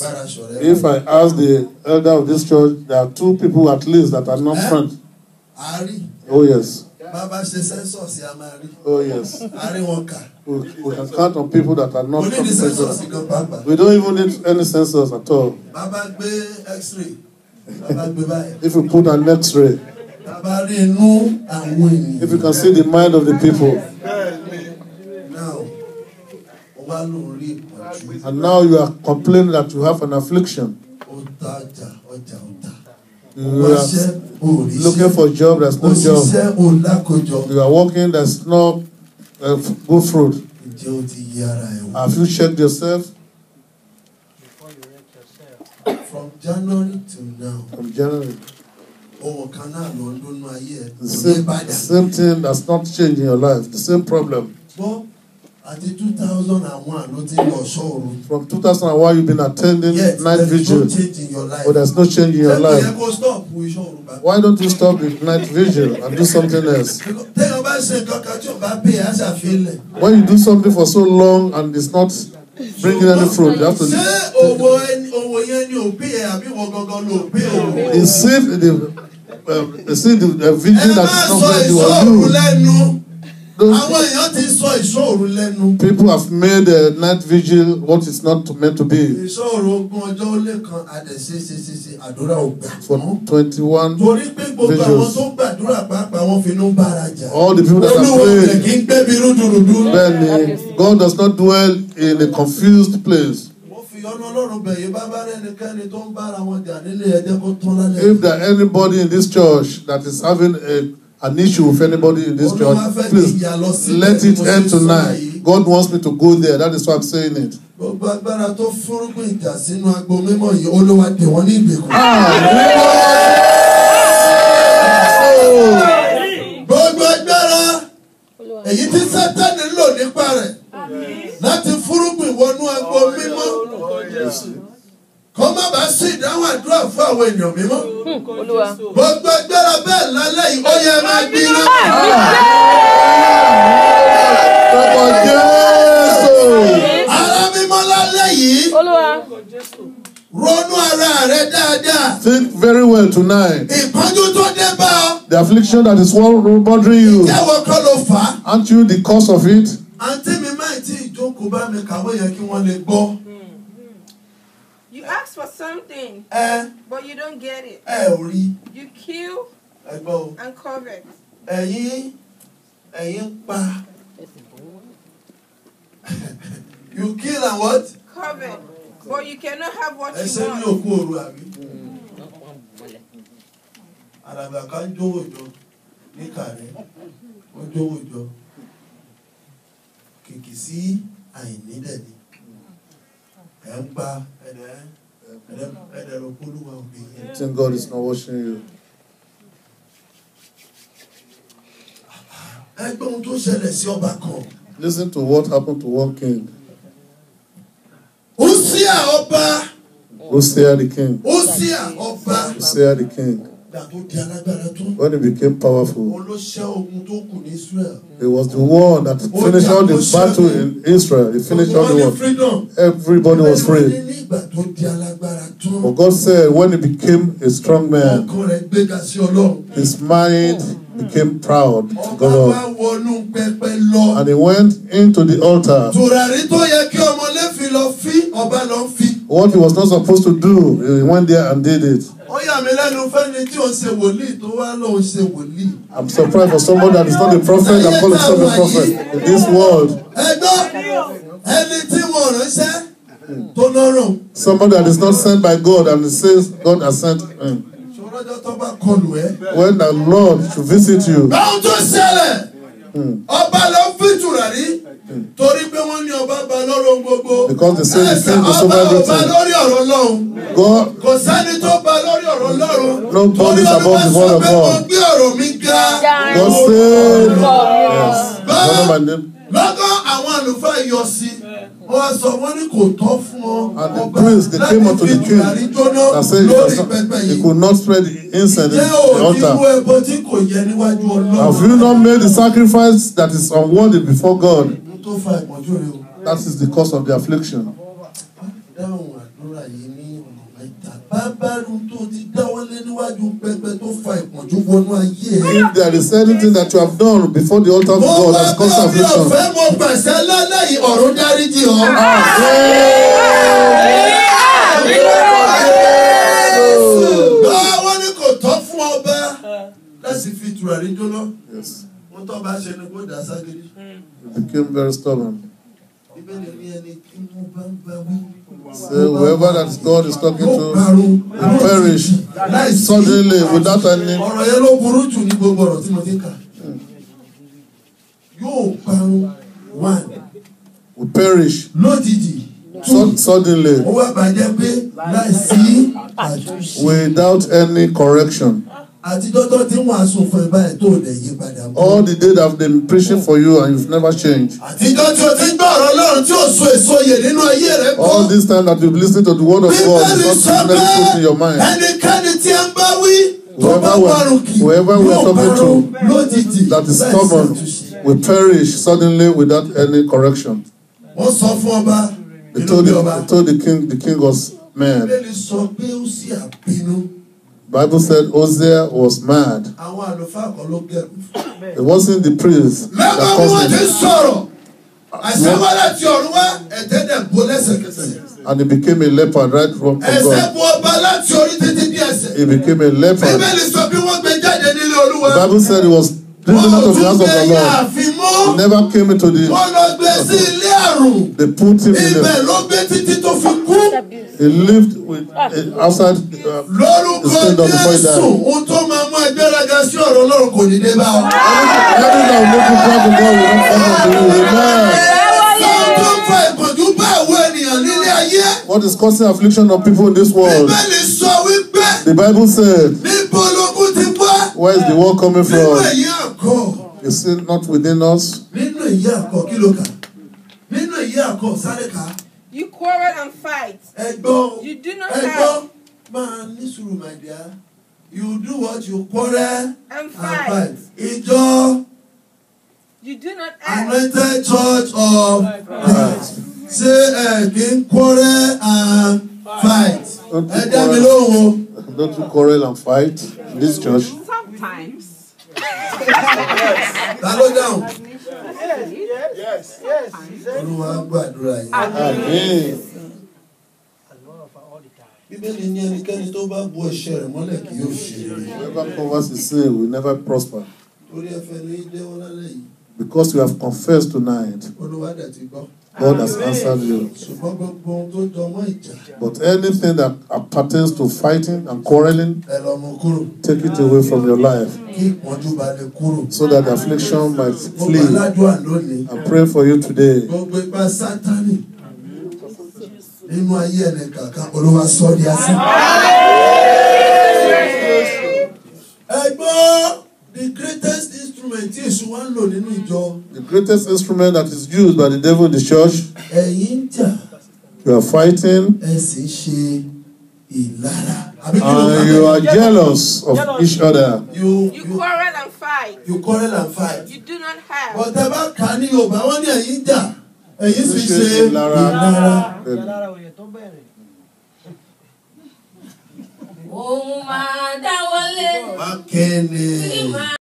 [SPEAKER 2] bára ṣọ̀rẹ́. If
[SPEAKER 3] I ask the elder of this church, there are two people at least that are not eh? friends. Àárí. Oh yes. Bàbá Oh yes.
[SPEAKER 2] I rí not kà.
[SPEAKER 3] We can count on people that are not. We need the We don't even need any censors at all. baba gbé x-ray. Bàbá If you put an x-ray. Bàbá If you can see the mind of the people. Now, And now you are complaining that you have an affliction. You are. looking for job, there's no job. You are working, there's no uh, good fruit. Have you checked yourself?
[SPEAKER 2] From January to now.
[SPEAKER 3] From January.
[SPEAKER 2] Same, same
[SPEAKER 3] thing that's not changing your life. The same problem. But àti two thousand and one ló ti lọ sọ́ọ̀rù. from two thousand and one you been attending yes, night vigil yes there is no change in your life but there is no change in your life. ẹ̀kọ́ stop with sọ́ọ̀rù bá. why don't you stop with night vigil and do something else. tẹ́lẹ̀ bá ṣe kankan tí o bá pè é àṣà fi lẹ̀. when you do something for so long and it's not bringing any fruit you have to. ṣé owó
[SPEAKER 2] owó yẹn ni òbí yẹn àbí wọn gangan ló gbé owó. he saved
[SPEAKER 3] the uh, um, he saved the uh, vigil that somebody was doing. ẹ má sọ ìṣòro lẹ́nu.
[SPEAKER 2] Àwọn èèyàn ti sọ ìṣòro lẹ́nu.
[SPEAKER 3] People have made a night vigil what is not meant to be.
[SPEAKER 2] Ìṣòro ogún ọjọ́ ó lé kan àdẹ̀síṣiṣiṣi
[SPEAKER 3] àdúrà ògbà. For twenty one vigils. Torí pé gbogbo àwọn tó gbàdúrà pàápàá wọn fi bára jà. All the people that are praying. Olúwo rẹ̀ kì í gbẹ́bí rúdurùdu. Bẹ́ẹ̀ni, God does not dwell in a confused place. If there anybody in this church that is having a an issue with anybody in this church, please let it end tonight. God wants me to go there. That is why I'm saying it. Gbogbo
[SPEAKER 2] agbára èyí tí Sátánì lò nípa rẹ̀ láti fúrúgbìn wọnú agbo mímọ́ kó má bàa sí ìdáhùn àdúrà fún àwọn èèyàn mímọ́. Hmm, gbogbo agbára bẹ́ẹ̀ lálẹ́ yìí ó yẹ máa gbiná. Ah, Bàbá
[SPEAKER 3] Jésù.
[SPEAKER 2] Ará mímọ́ lálẹ́ yìí. Ronú ara rẹ dáadáa.
[SPEAKER 3] Think very well tonight.
[SPEAKER 2] Ìpọ́njú tó dé bá
[SPEAKER 3] The affliction that is well bothering you. Ìjẹ́wọ́ kọ́ ló fà á. Aren't you the cause of it?
[SPEAKER 2] Àǹtí mi máa ti ìjókòó bá mi kàwé yẹn kí wọ́n lè gbọ́. You ask for
[SPEAKER 4] something, ẹ but you don't get it. ẹ ò You kill ẹ and covet.
[SPEAKER 2] ẹ̀yin ẹ̀yin You kill and what?
[SPEAKER 4] Covet, but you cannot have what you want. ẹsẹ̀ ní òkú
[SPEAKER 2] òru àbí. àràgbà kan kìkì sí àìní dẹ̀ ẹ̀
[SPEAKER 3] ń God is not watching you. tó Listen to what happened to one king. Hosea ọba. Hosea the king.
[SPEAKER 2] Hosea ọba.
[SPEAKER 3] Hosea the king. When he became powerful, it was the one that finished all the battle in Israel. He finished all the war. Everybody was free. But God said, when he became a strong man, his mind became proud to God. And he went into the altar what he was not supposed to do he went there and did it. I'm surprised for somebody that is not a prophet and call himself a prophet in this world. ẹgbọ́ ẹni tí mo ránṣẹ́ tó somebody that is not sent by God and says God has sent him. when the Lord should visit you. báwo
[SPEAKER 2] torí pé wọ́n ní ọba ba lọ́rọ̀ gbogbo. because they say the king is over everything. ẹ̀sìn ọba ọba lórí ọ̀rọ̀ lọ́hùn. God kò sẹ́ni tó ba lórí ọ̀rọ̀ lọ́rùn.
[SPEAKER 3] no God is above the word of God. torí olùkọ́ sọ pé wọ́n
[SPEAKER 2] gbé ọ̀rọ̀ mi ga. God save us. báwo lọ́gọ́ àwọn àlùfáà yọ sí wọ́n sọ wọ́n ní kò tọ́ fún ọ
[SPEAKER 3] ọba the fi tùràrí jóná lórí pẹpẹ yìí. he could not spread the incense in the altar. ṣé
[SPEAKER 2] o ní tí kò yẹ níwájú Ọlọ́run.
[SPEAKER 3] have you not made the sacrifice that is unworthy before God
[SPEAKER 2] tó fa ìpọ́njú
[SPEAKER 3] rẹ o. that is the cause of the affliction.
[SPEAKER 2] dáhùn àdúrà yìí ní ọ̀nà mẹ́ta bábàrú tó ti
[SPEAKER 3] dáwọ́lé níwájú pẹpẹ tó fa ìpọ́njú wọnú ayé ẹ. if there is anything that you have done before the altar of God has caused affliction. mo bá bẹ́ẹ̀ mi ò
[SPEAKER 2] fẹ́ mo pàṣẹ lọ́lá yìí ọ̀run dáríjì ọ. Ah,
[SPEAKER 3] báwo ni kò tọ́ fún ọba
[SPEAKER 2] láti fi tùràrí jóná. wọ́n tọ́ bá ṣe ni kó dà ságídí
[SPEAKER 3] very stubborn. So whoever that God is talking to will perish suddenly without any. Ọ̀rọ̀ yẹn one. Will perish. Lójijì. So, suddenly. Without any correction àtijọ́ tó ti ń wàásù fún ẹ báyìí tó lè yí padà. all the days I've been preaching for you and you've never changed. àtijọ́ tí o ti gbọ́ ọ̀rọ̀ Ọlọ́run tí o so èso yè nínú ayé rẹ kọ́. all this time that you've listened to the word of God is not originally put in your mind. ẹnikẹ́ni tí a ń bá wí tó bá wọ̀rùn kì yóò that is stubborn will perish suddenly without any correction. wọ́n sọ fún ọba inú bí ọba. they told the king the king was mad. ìbéèrè sọ
[SPEAKER 2] pé ó sì àbínú.
[SPEAKER 3] Bible said Hosea was mad. Àwọn It wasn't the priest
[SPEAKER 2] that caused it. Àṣẹ́wá láti ọ̀run
[SPEAKER 3] And he became a leper right from God.
[SPEAKER 2] He
[SPEAKER 3] became a leper. The Bible said he was Listen to the house of the
[SPEAKER 2] Lord. He never
[SPEAKER 3] came into the. They put him in the. He lived with, uh, outside uh, the kingdom before he died. Every time we make you to God, we don't come to you. Amen. What is causing affliction of people in this world? The bible said. Where is the war coming from? Is it not within us?
[SPEAKER 2] You quarrel and fight. You do not have. Man, this room, my dear. You do what you quarrel and, and fight. Ìjọ. You do not ask. Anointed Church of Christ. Say, ẹ kì í quarrel and fight? Ẹ
[SPEAKER 3] dá mi lóhùn. Don't you quarrel and fight in this church? Sometimes
[SPEAKER 2] ta ló dáhùn. olúwa gbàdúrà yìí. bíbélì ní ẹnikẹ́ni tó bá bu ẹ̀ṣẹ̀ rẹ̀ mọ́lẹ̀ kì yóò ṣe
[SPEAKER 3] rere. whoever covers his sin will never prosper.
[SPEAKER 2] torí ẹ̀fẹ̀ ló ń jẹ́wọ́ lálẹ́ yìí.
[SPEAKER 3] because you have confessed tonight.
[SPEAKER 2] olúwa dẹ̀ ti gbọ́.
[SPEAKER 3] God has answered you. But anything that pertains to fighting and quarreling, take it away from your life so that affliction might flee. I pray for you today.
[SPEAKER 2] Nínú the greatest instrument tí wa ń lò nínú ìjọ.
[SPEAKER 3] The greatest instrument that is used by the devil in the church.
[SPEAKER 2] Ẹ̀yin jà.
[SPEAKER 3] You are fighting. ṣe ìlara. And you are jealous of each other.
[SPEAKER 2] You, you, quarrel and fight. You quarrel and fight. You do not have. Bọ̀dá bá kà á ní Yorùbá, wọ́n ní ẹ̀yin jà. Ẹ̀yin sì ṣe ìlara. Ìlara òye tó
[SPEAKER 4] bẹ̀rẹ̀.